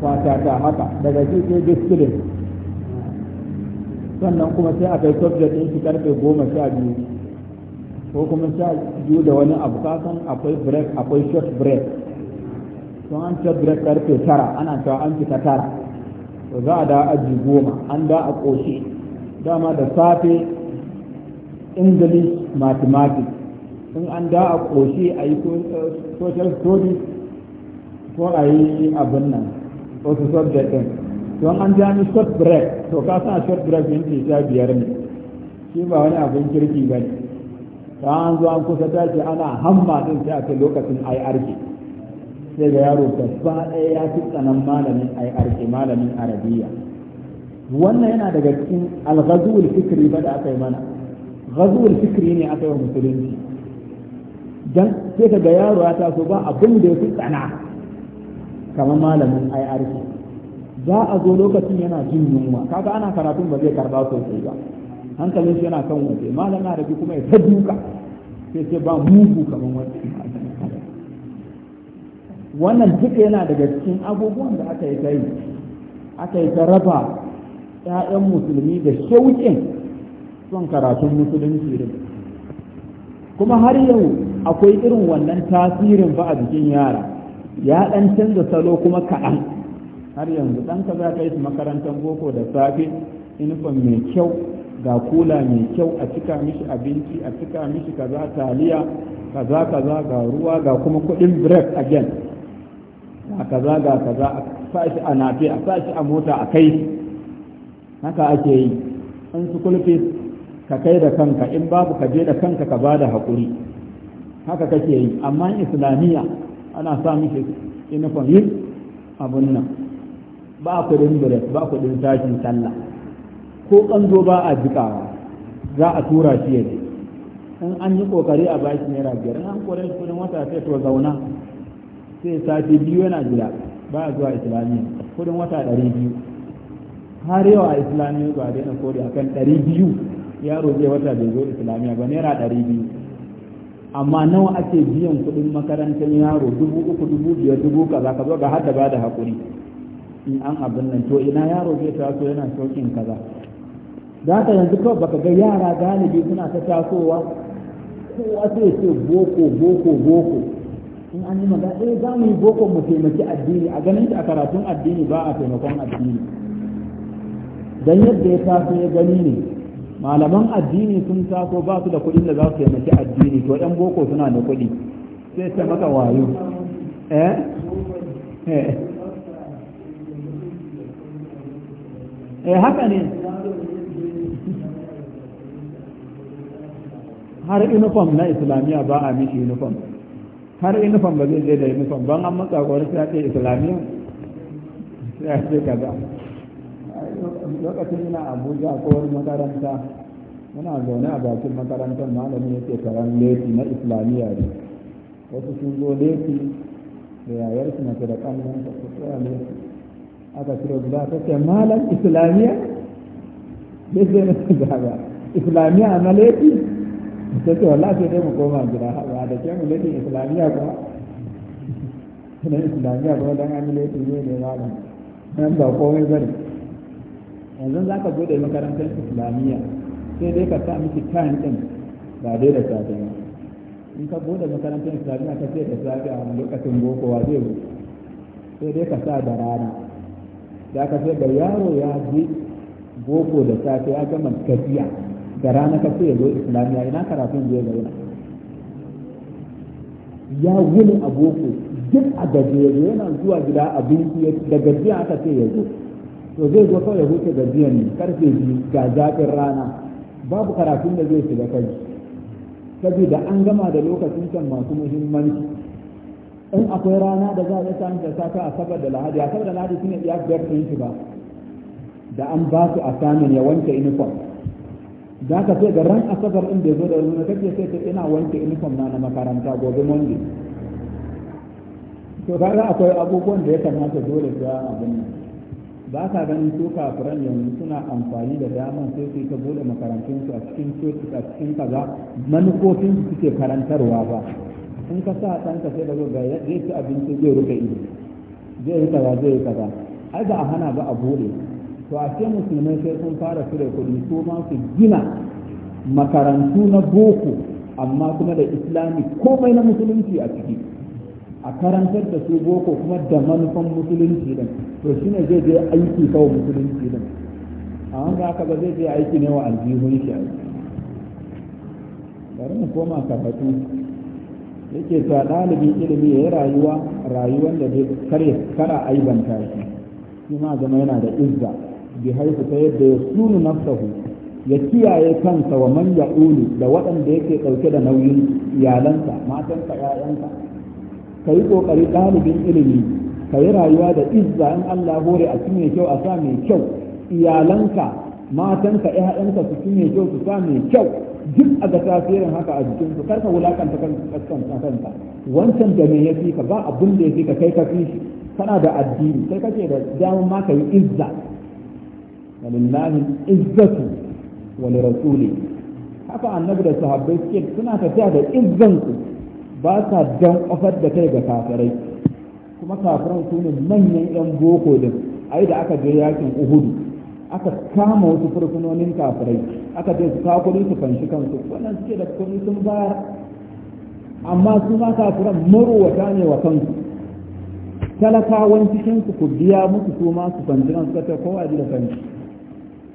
kwata ta haka daga shi ke biskilin sannan kuma sai a kai subject ɗin shi karfe goma sha biyu ko kuma sha biyu da wani abu kasan akwai break akwai short break sun an short break karfe tara ana cewa an fita tara to za a da aji goma an da a ƙoshi dama da safe english mathematics in an da a koshe a yi eh, social studies ko a yi abin nan wasu subject ɗin don an ja ni short break to ka sa short break ce sha biyar ne shi ba wani abin kirki ba ne ta an zo an kusa ce ana hamma ɗin sai a ce lokacin irk sai ga yaro ba ɗaya ya fi tsanan malamin irk malamin arabiya wannan yana daga cikin alghazul fikri ba da aka yi mana ghazul fikri ne aka yi wa musulunci dan sai ka ga yaro ya taso ba abin da ya fi tsana kamar malamin IRC za a zo lokacin yana jin yunwa kaga ana karatun ba zai karba sosai ba hankalin shi yana kan waje malamin arabi kuma ya ta duka sai sai ba mugu kamar wani wannan duka yana daga cikin abubuwan da aka yi ta aka yi ta raba 'ya'yan musulmi da shauƙin son karatun musulunci din kuma har yau akwai irin wannan tasirin fa a jikin yara ya ɗan canza salo kuma kaɗan har yanzu ɗanka za ka yi su makarantar boko da safe inifom mai kyau ga kula mai kyau a cika mishi abinci a cika mishi kaza taliya kaza kaza ga ruwa ga kuma kuɗin break again ga kaza ga kaza a sa a nafe a sa a mota a kai haka ake yi in su kulfi ka kai da kanka in babu ka je da kanka ka ba da haƙuri haka kake yi amma islamiyya ana sa miki inifon yin abun nan ba kudin biret ba kudin tashin sallah ko kanzo ba a jikawa za a tura shi ya in an yi kokari a bashi naira biyar in an kore shi kudin wata sai to zauna sai sati biyu yana gida ba a zuwa islamiyya kudin wata ɗari biyu har yau a islamiyya ba daina kore akan ɗari biyu yaro zai wata bai zo islamiyya ba naira ɗari biyu amma nawa ake biyan kuɗin makarantar yaro dubu uku dubu biyar dubu kaza ka zo ga hada ba da haƙuri in an abin nan to ina yaro zai taso yana saukin kaza za ka yanzu kawai baka ga yara galibi suna ta tasowa kowa sai ce boko boko boko in an yi magana eh za mu yi boko mu taimaki addini a ganin a karatun addini ba a taimakon addini dan yadda ya taso ya gani ne malaman addini sun taso ba su da kuɗin da za su taimaki addini to ɗan boko suna da kuɗi sai ta maka wayo eh? eh eh haka ne har uniform na islamiyya ba a mishi uniform har uniform ba zai je da uniform ban an matsa kwarar sai a ce islamiyya sai a ce kaza lokacin ina abuja ko wani makaranta muna zaune a bakin makarantar malamin yake karan leti na islamiyya ne wasu sun zo leti da yayar su mace da kallon ta su tsaya leti aka cire guda ta ce malam islamiyya ya zai na gaba islamiyya na leti ta ce wala sai dai mu koma gida ba da ke mu letin islamiyya kuma na islamiyya kuma dan an leti ne ne malam nan ba komai bane yanzu za ka bude makarantar islamiyya sai dai ka sa miki kayan din ba dai da safe ba in ka bude makarantar islamiyya ka ce da safe a lokacin boko wa zai sai dai ka sa da rana da ka sai da yaro ya ji boko da safe ya gama tafiya da rana ka ce ya zo islamiyya ina karatun zai yana ya wuni a boko duk a gajere yana zuwa gida abinci da gajiya aka ce ya zo to zai zo kawai ya huta gajiyan ne karfe biyu ga zafin rana babu karatun da zai shiga kai saboda an gama da lokacin can masu muhimmanci in akwai rana da za a sa da safa a sabar da lahadi a sabar da lahadi shine iya biyar sun shi ba da an ba su a samun ya wanke uniform za ka sai ga ran asabar in bai zo da wani kake sai ta ina wanke uniform na na makaranta gobe monde to kaga akwai abubuwan da ya kamata dole su abin nan ba ka ganin ko kafiran yanzu suna amfani da daman sai su ta bude makarantunsu a cikin coci a cikin kaza manufofin su suke karantarwa ba in ka sa ka sai da ga zai ci abinci zai rufe ido zai yi kaza zai yi kaza ai ba a hana ba a bude to a ce musulmai sai sun fara cire kuɗi su ma su gina makarantu na boko amma kuma da islami komai na musulunci a ciki a karantar da su boko kuma da manufan musulunci din to shi ne zai je aiki kawai musulunci din a wanda aka ba zai je aiki ne wa aljihun shi bari mu koma karatu yake cewa ɗalibin ilimi ya yi rayuwa rayuwan da zai kara aibanta shi shi ma zama yana da izza bi haifu ta yadda ya sunu nafsahu ya kiyaye kansa wa man ya'ulu da waɗanda yake ɗauke da nauyin iyalansa matansa 'ya'yansa ka yi ƙoƙari ɗalibin ilimi ka yi rayuwa da izza in Allah hore a mai kyau a sa mai kyau iyalanka matanka ƴaƴanka su ci mai kyau su sa mai kyau duk a ga tasirin haka a jikin su karka wulakanta kanka wancan da me yafi ka ba abun da yafi ka kai ka fi shi kana da addini sai kace da damar ma ka yi izza walillahi izzatu wa lirasuli haka annabi da sahabbai suke suna tafiya da izzan su ba sa dan kafar da kai ga kafirai kuma kafiran su ne manyan yan boko din ai da aka je yakin uhudu aka kama wasu furfunonin kafirai aka je su kawo su fanshi kansu wannan suke da kuɗi sun bayar amma su ma kafiran marowata ne wa kansu talakawan cikin su ku biya musu su ma su fanshi kansu suka ce kowa ji da fanshi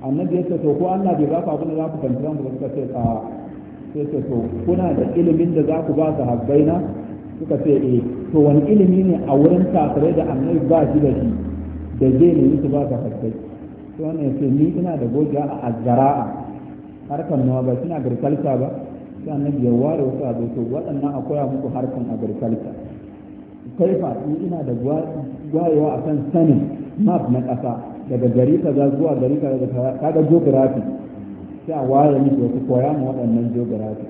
annabi ya ce to ko Allah bai ba ku abin da za ku fanshi kansu suka ce a sai ce to kuna da ilimin da za ku ba su habbaina suka ce eh to wani ilimi ne a wurin kafirai da annai ba shi da shi da zai nemi su ba su habbai to wannan ya ce ni ina da gogiya a azzara'a harkar nawa ba kina agriculture ba sai annabi ya ware wasu abu to waɗannan a koya muku harkar agriculture kai fa ni ina da gwayewa kan sanin map na ƙasa daga gari kaza zuwa gari kaza kaga geography sai a ware musu wasu koya mu waɗannan geography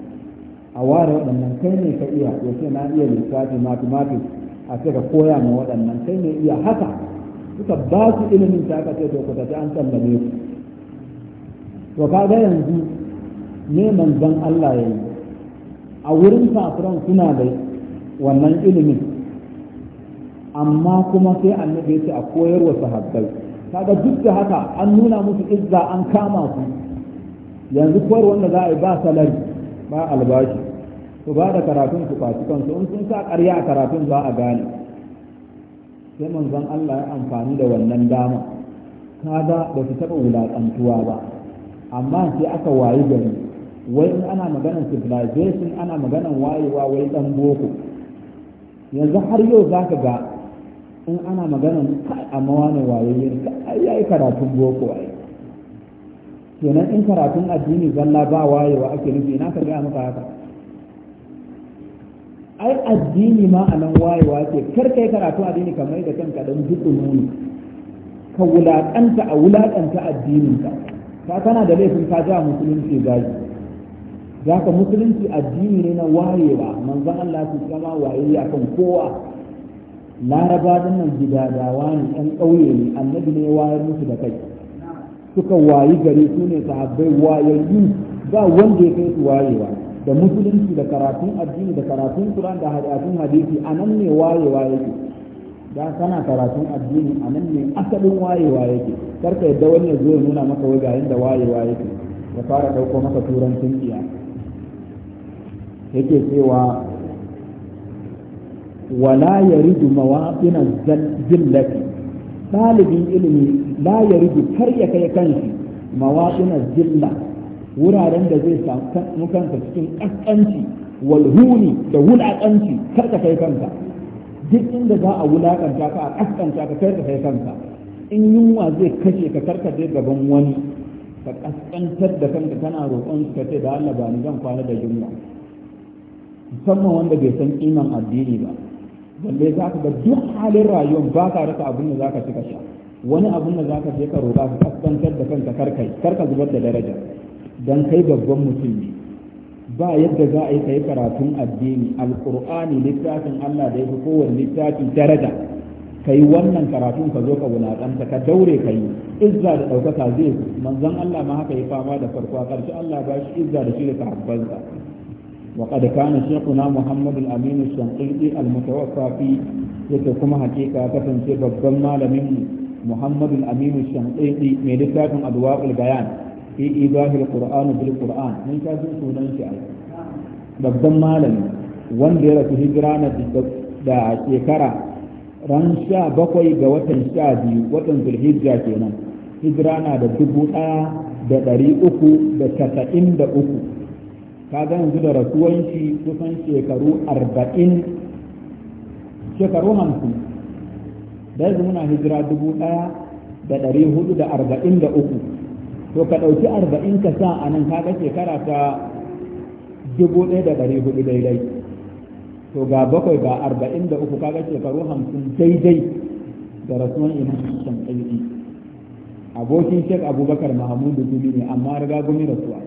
a ware waɗannan kai ne ka iya yace na iya lissafi mathematics a ce ka koya mu waɗannan kai ne iya haka suka ba su ilimin ta aka ce to ku tafi an sallame ku to kaga yanzu ne manzon Allah yayi a wurin kafiran suna da wannan ilimin amma kuma sai annabi ya ce a koyarwa sahabbai kaga duk da haka an nuna musu izza an kama su yanzu kwar wanda za a yi ba salari ba albashi su ba da karatun su kwaci kansu in sun sa karya a karatun za a gane sai manzon Allah ya amfani da wannan dama kaga ba su taɓa wulaƙantuwa ba amma sai aka wayi gari wai in ana maganar civilization ana maganar wayewa wai dan boko yanzu har yau za ka ga in ana maganar kai amma wani wayoyin kai ya yi karatun boko waye kenan in karatun addini zalla ba wayewa ake nufi na ka gaya maka haka ai addini ma a nan wayewa ce kar kai karatu addini kamar da kanka dan dutsunu nuni. ka wulaƙanta a wulakanta addininka ka kana da laifin ka ja musulunci gaji za ka musulunci addini ne na wayewa manzon Allah su kama waye akan kowa laraba nan gidadawa ne ɗan ƙauye ne annabi ne wayar musu da kai suka wayi gari su ne sahabbai wayayyu ba wanda ya kai su wayewa da musulunci da karatun addini da karatun Qur'an da hadisin hadisi anan ne wayewa yake da kana karatun addini anan ne asalin wayewa yake karka yadda wani ya zo ya nuna maka wai ga da wayewa yake ya fara dauko maka turancin iya yake cewa wala yaridu mawaqina zillati ɗalibin ilimi la ya rubu kar ya kai kansi mawaɗin zilla wuraren da zai samu kansa cikin ƙasƙanci walhuni da wulaƙanci kar ka kai kanka duk inda za a wulaƙanta ka a ƙasƙanta ka kar ka kai kanka in yunwa zai kashe ka kar ka je gaban wani ka ƙasƙantar da kanka kana roƙon ka ce da Allah ba ni zan kwana da yunwa musamman wanda bai san iman addini ba balle za ka ga duk halin rayuwar ba ka rasa abin da za ka ci sha wani abin da za ka je ka roƙa ka kaskantar da kanka karkai karka zubar da daraja dan kai babban mutum ne ba yadda za a yi yi karatun addini alƙur'ani littafin Allah da yafi kowanne littafi daraja yi wannan karatun ka zo ka wulaƙanta ka daure ka yi izza da ɗaukaka zai manzon Allah ma haka ya fama da farko a ƙarshe Allah ba shi izza da shi da sahabbansa وقد كان شيخنا محمد الأمين الشنقيطي المتوفى في يتكم حقيقة كتنسي ببما لمن محمد الأمين الشنقيطي من لساك أدواء البيان في إيضاح القرآن بالقرآن من كاتب سودان شعي ببما لمن وانجرة هجرانة da shekara ran sha bakwai ga watan sha biyu watan zulhijja kenan hijira na da dubu ɗaya da ɗari uku da casa'in da uku Ka ga yanzu da rasuwan shi kusan shekaru arba'in shekaru hamsin da yanzu muna hijira dubu ɗaya da ɗari hudu da arba'in da uku to ka ɗauki arba'in ka sa a nan ga shekara ta dubu ɗaya da ɗari hudu daidai to ga bakwai ga arba'in da uku ka ga shekaru hamsin daidai da rasuwan imam shamsaidi abokin shek abubakar mahamudu gumi ne amma riga gumi rasuwa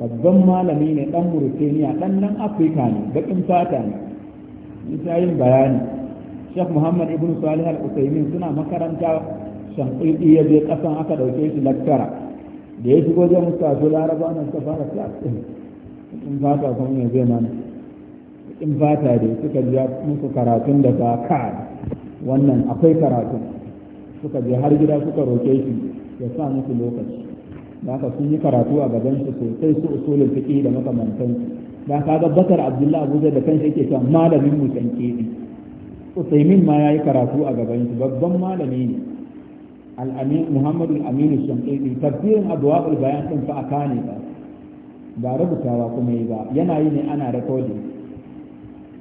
babban malami ne dan Mauritania dan nan Afrika ne bakin fata ne ta yin bayani Sheikh Muhammad Ibn Salih Al-Utsaimin suna makaranta shanqidi ya je kasan aka dauke shi lakkara da ya shigo zai musta laraba nan ta fara class din in fata kuma ne zai mana in fata dai suka ji musu karatun da ba ka wannan akwai karatun suka je har gida suka roke shi ya sa musu lokaci da haka sun yi karatu a gaban shi sosai su usulul fiqh da makamantan da ga bakar abdullahi abuja da kansa yake cewa malamin mu tankidi usaimin ma yayi karatu a gaban shi babban malami ne al-amin muhammadu al-amin shankidi tafsirin abwaab bayan din fa akane ba ba rubutawa kuma yi ba yana yi ne ana recording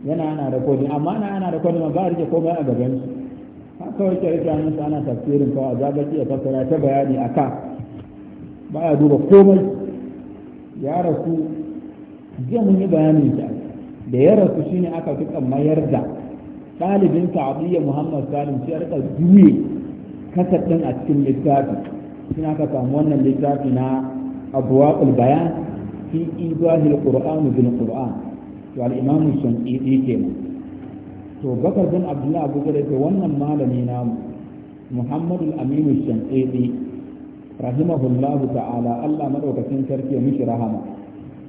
yana ana recording amma ana ana recording ba rike komai a gaban shi haka wace rike ana tafsirin fa a ya fassara ta bayani aka ba ya duba komai ya rasu jiya mun yi bayanin shi da ya rasu shine aka fi mayar da ɗalibin sa'adiyya muhammad salim shi ya juye ɗin a cikin littafi shi aka samu wannan littafi na abuwaƙul bayan fi ibahil qur'an bil qur'an to al-imam shanqidi kenan to bakar bin abdullah abu gare wannan malami namu Muhammadu Aminu amin rahimahullahu ta'ala Allah madaukakin sarki ya mishi rahama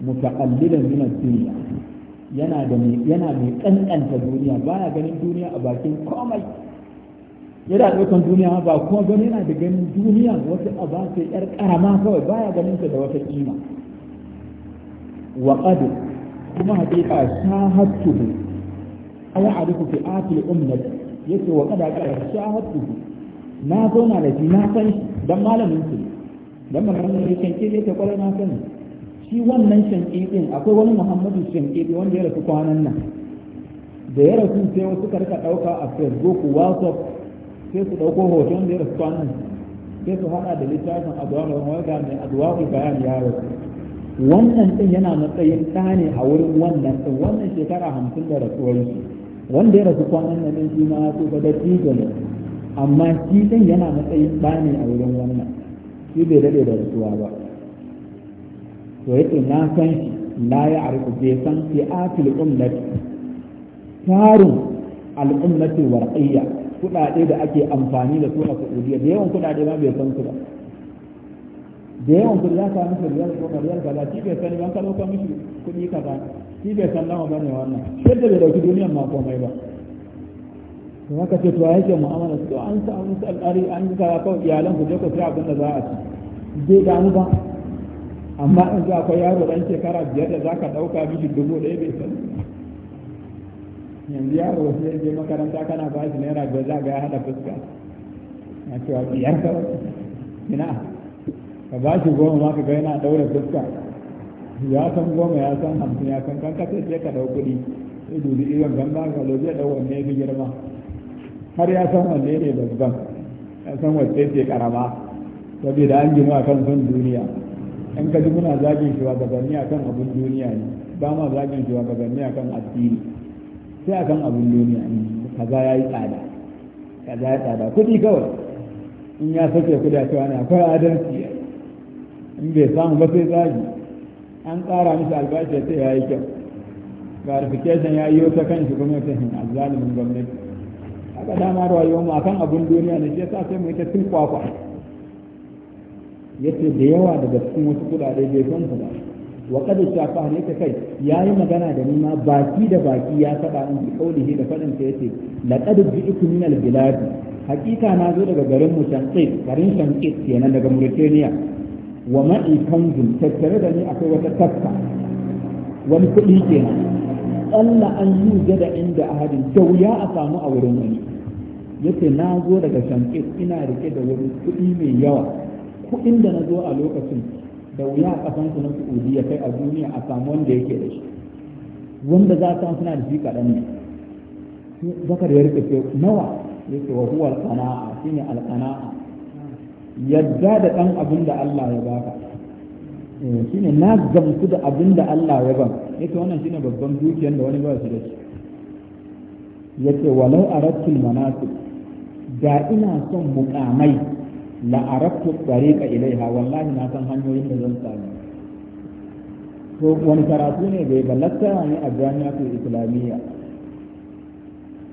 mutaqallilan min ad-dunya yana da mai yana mai kankanta duniya baya ganin duniya a bakin komai yana daukan duniya ba kuma gani yana da ganin duniya wata a ba ta yar karama kawai baya ganin da wata kima wa qad kuma hakika shahadtuhu atil ummati yace wa qad na zauna da shi na san don malamin su don malamin su shanke ne ta kwarai na sani shi wannan shanke din akwai wani muhammadu shanke wanda ya rasu kwanan nan da ya rasu sai wasu karka ɗauka a facebook whatsapp sai su ɗauko hoton wanda ya rasu kwanan sai su haɗa da littafin adwaru wanda mai adwaru bayan ya rasu wannan ɗin yana matsayin ɗa a wurin wannan ɗin wannan shekara hamsin da rasuwar shi wanda ya rasu kwanan nan shi ma ya so ga dattijo ne amma shi ɗin yana matsayin ɗa ne a wurin wannan shi bai daɗe da rasuwa ba to yake na san shi la ya arku bai san fi atil ummati tarin al'ummati warƙayya kuɗaɗe da ake amfani da su a Saudiya da yawan kuɗaɗe ma bai san su ba da yawan kuɗi za ka masa riyal ko riyal kaza shi bai sani ban ka ɗauka mishi kuɗi kaza shi bai san nawa ne wannan shi da bai ɗauki duniyan ma komai ba to haka ce to yake mu'amala to an samu an sa al'ari an yi kawai iyalan ku je ku sai abin da za a ci zai damu ba amma in za akwai yaro ɗan shekara biyar da za ka ɗauka miji dubu ɗaya bai san yanzu yaro sai je makaranta kana ba shi naira biyar za ga ya haɗa fuska na cewa biyar kawai ina ka ba shi goma ma ka ga yana ɗaura fuska ya san goma ya san hamsin ya san kan kace sai ka ɗau kuɗi sai dubi irin gamba ka lobe ɗau wanne ya fi girma har ya san wanne ne babban ya san wacce ce karama saboda an gino a kan son duniya in ka ji muna zagin shugabanni a kan abin duniya ne ba ma zagin shugabanni a kan addini sai a kan abin duniya ne kaza ya yi tsada kaza ya tsada kuɗi kawai in ya sake kuɗi a cewa ne akwai adalci in bai samu ba sai zagi an tsara mishi albashi sai ya yi kyau verification ya yi wata kan shi hin azalimin gwamnati haka dama rayuwar mu akan abin duniya ne shi yasa sai mu ta tin kwakwa yace da yawa daga cikin wasu kudade bai san su ba wa qad shafa ne ka kai yayi magana da ni ma baki da baki ya saba in bi kaulihi da fadin sa yace laqad ji'tu min al-bilad hakika na zo daga garin mu Shanqit garin Shanqit kenan daga Mauritania wa ma'i kanzun tattare da ni akwai wata tafka wani kuɗi kenan Allah an yi da inda ahadin da wuya a samu a wurin wani yace na zo daga shamkir ina rike da wani kuɗi mai yawa kuɗin da na zo a lokacin da wuya a ƙasan su na su'udi ya kai a duniya a samu wanda yake da shi wanda za a samu suna da shi kaɗan ne zakar ya rike nawa nawa ce wa huwa shi ne alƙana'a yadda da ɗan abin da Allah ya baka eh, shi ne na gamsu da abin da Allah ya ban ce wannan shi ne babban dukiyar da wani ba shi da shi yace walau a aratul manasik da ina son mukamai la'arabtu tsariƙa ilaiha wallahi na san hanyoyin da zan sami to wani karatu ne bai ballasta ne a jami'atu islamiyya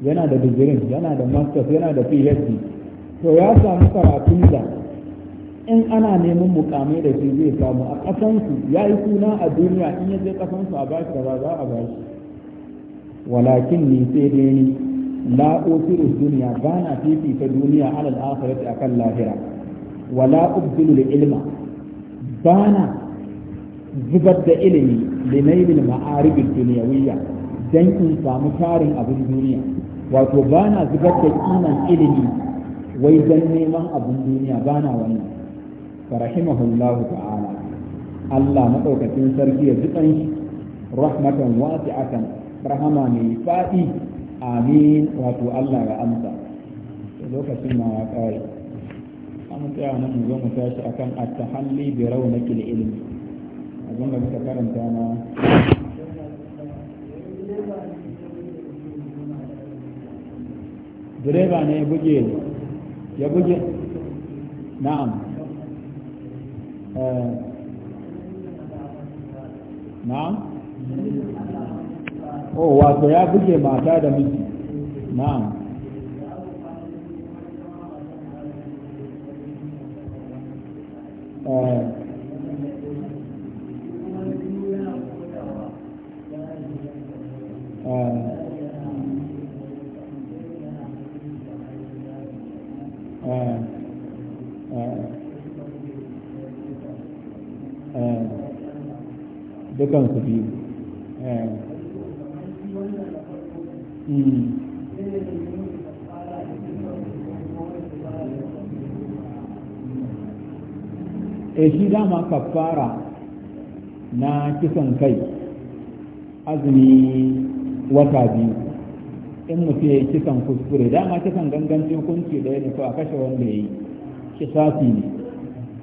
yana da digirin yana da masters yana da phd to ya samu karatun da in ana neman mukamai da shi zai samu a ƙasansu ya yi suna a duniya in ya je ƙasansu a bashi da ba za a ba bashi walakin ni sai dai ni la utiru dunya ba na fifita duniya ala al-akhirati akan lahira wala ubdilu ilma ba na zubar da ilimi linailil ma'aribid dunyawiyya dan in samu tarin abin duniya wato ba na zubar da kiman ilimi wai don neman abun duniya ba na wannan farahimahullahu ta'ala Allah madaukakin sarki ya ji shi rahmatan wasi'atan rahama mai fadi amin wato Allah ya amsa lokacin ma ya kare an tsaya nan mu zo mu tashi akan at-tahalli bi rawnakil ilmi abin da muka karanta na direba ne ya buge ya buge na'am eh. na'am oh wato ya buge mata da miji na'am uh, da shi dama kafara na kisan kai azumi wata biyu in mutum ya kisan kuskure dama kisan ganganci hukunci da ya nufi a kashe wanda ya yi safi ne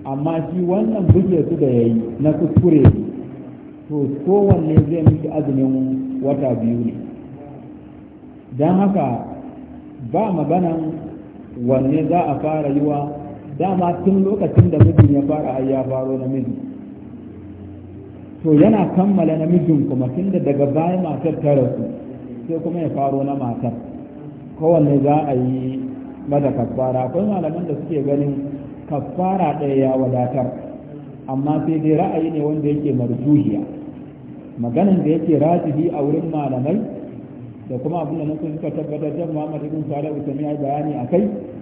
amma shi wannan buge su da ya yi na kuskure ne to kowanne zai miki azumin wata biyu ne don haka ba maganan wanne za a fara yi wa dama tun lokacin da mijin ya fara har ya faro namiji to yana kammala namijin kuma tun da daga baya matar ta rasu sai kuma ya faro na matar kowanne za a yi mata kafara akwai malaman da suke ganin kafara ɗaya ya wadatar amma sai dai ra'ayi ne wanda yake marjuhiya maganin da yake rajihi a wurin malamai da kuma abin da nasu suka tabbatar jan Muhammad ibn Salih Usman ya bayani kai.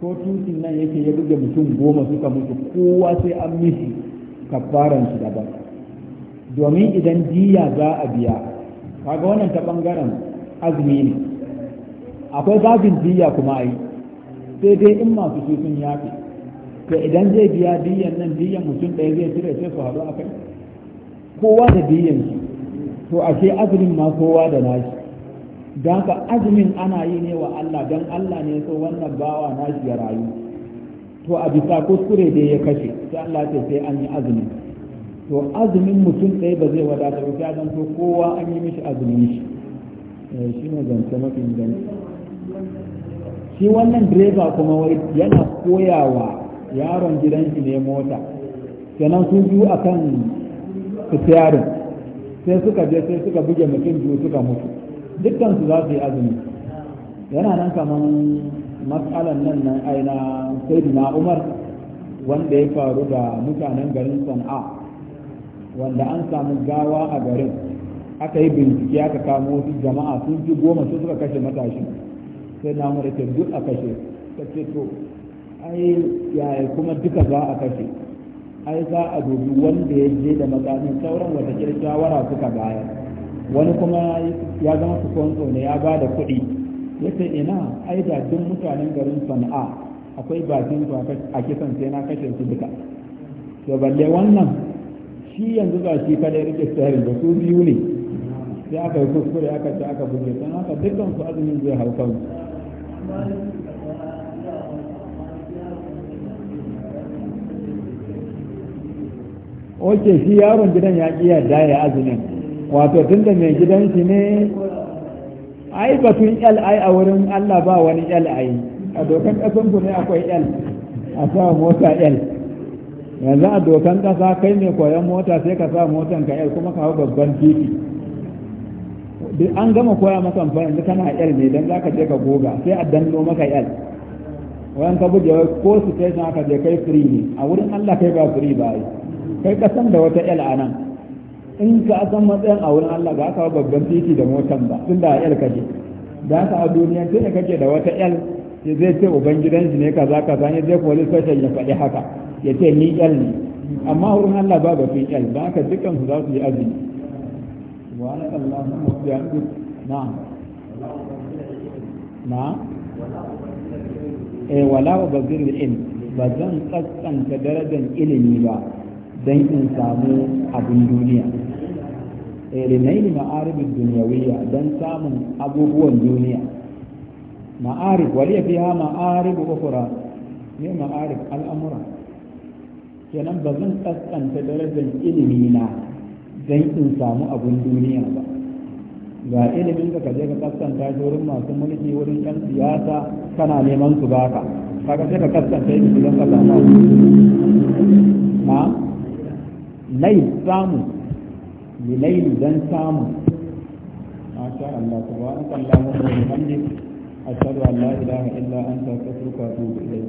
ko tutun nan yake ya buga mutum goma suka mutu kowa sai an mishi kafaran shi daban domin idan jiya za a biya kaga wannan ta bangaren azumi ne akwai zafin jiya kuma a yi sai dai in masu su sun yafe to idan zai biya diyan nan diyan mutum ɗaya zai cire sai su haɗu a kai kowa da diyan shi to ashe azumin ma kowa da nashi don ka azumin ana yi ne wa Allah Dan Allah ne so wannan bawa na shi ya rayu to a bisa kuskure da ya kashe sai Allah ce sai an yi azumi to azumin mutum ɗaya ba zai wadata ba sai zan to kowa an yi mishi azumin shi eh, shi ne zance mafi inganci shi wannan direba kuma wai yana koyawa yaron gidan shi ne mota sannan sun biyu akan su sai suka je sai suka buge mutum biyu suka mutu dukkan su za su yi azumi yana nan kaman matsalan nan nan aina na Umar wanda ya faru da mutanen garin Sana'a wanda an samu gawa a garin aka yi bincike aka kamo wasu jama'a sun fi goma su suka kashe matashi sai na umar ce duk a kashe ta ce to ai yaya kuma duka za a kashe ai za a dubi wanda ya je da matsalin sauran wata shawara suka bayar wani kuma ya zama su kukonso ne ya ba da kuɗi ya ce ina ai da duk mutanen garin sana'a akwai bakin su a kisan sai na kashe su duka to balle wannan shi yanzu ba shi kada ya rike tsarin da su biyu ne sai aka yi kuskure aka ce aka buge don haka dukkan su azumin zai hau kansu Oke shi yaron gidan ya ƙi yarda ya azumin wato da mai gidan ne ai batun li a wurin Allah ba wani li a dokan kasan ku ne akwai l a sa mota l yanzu a dokan kasa kai ne koyon mota sai ka sa motan ka l kuma ka hau babban titi an gama koya maka amfani yanzu kana l ne dan zaka je ka goga sai a danno maka l wayan ka buge ko su kai aka je kai free ne a wurin Allah kai ba free ba kai kasan da wata l a nan in ka san matsayin a wurin Allah ba ka babban titi da motan ba tun da L kaje da ka a duniya tun da kake da wata L ya zai ce ubangidan shi ne kaza kaza ne zai police station ya faɗi haka ya ce ni L ne amma wurin Allah ba babban L ba ka dukkan su za su yi azumi wa Allahumma ya na'am na eh wala wa bazir ilm ba zan kaskanta darajar ilimi ba don in samu abin duniya ne ma'aribin duniyawiya don samun abubuwan duniya ma'arib waliya fiha ma'arif ukura ne ma'arib al'amura kenan ba zan kaskanta darajar ilimi na don in samu abun duniya ba ga ilimin ka je ka kaskanta shi wurin masu mulki wurin yan siyasa kana neman su baka kaga sai ka kaskanta ilimi don ka samu na samu lilai dan samu masha Allah tabaraka Allahumma wa bihamdika ashhadu an la ilaha illa anta astaghfiruka wa atubu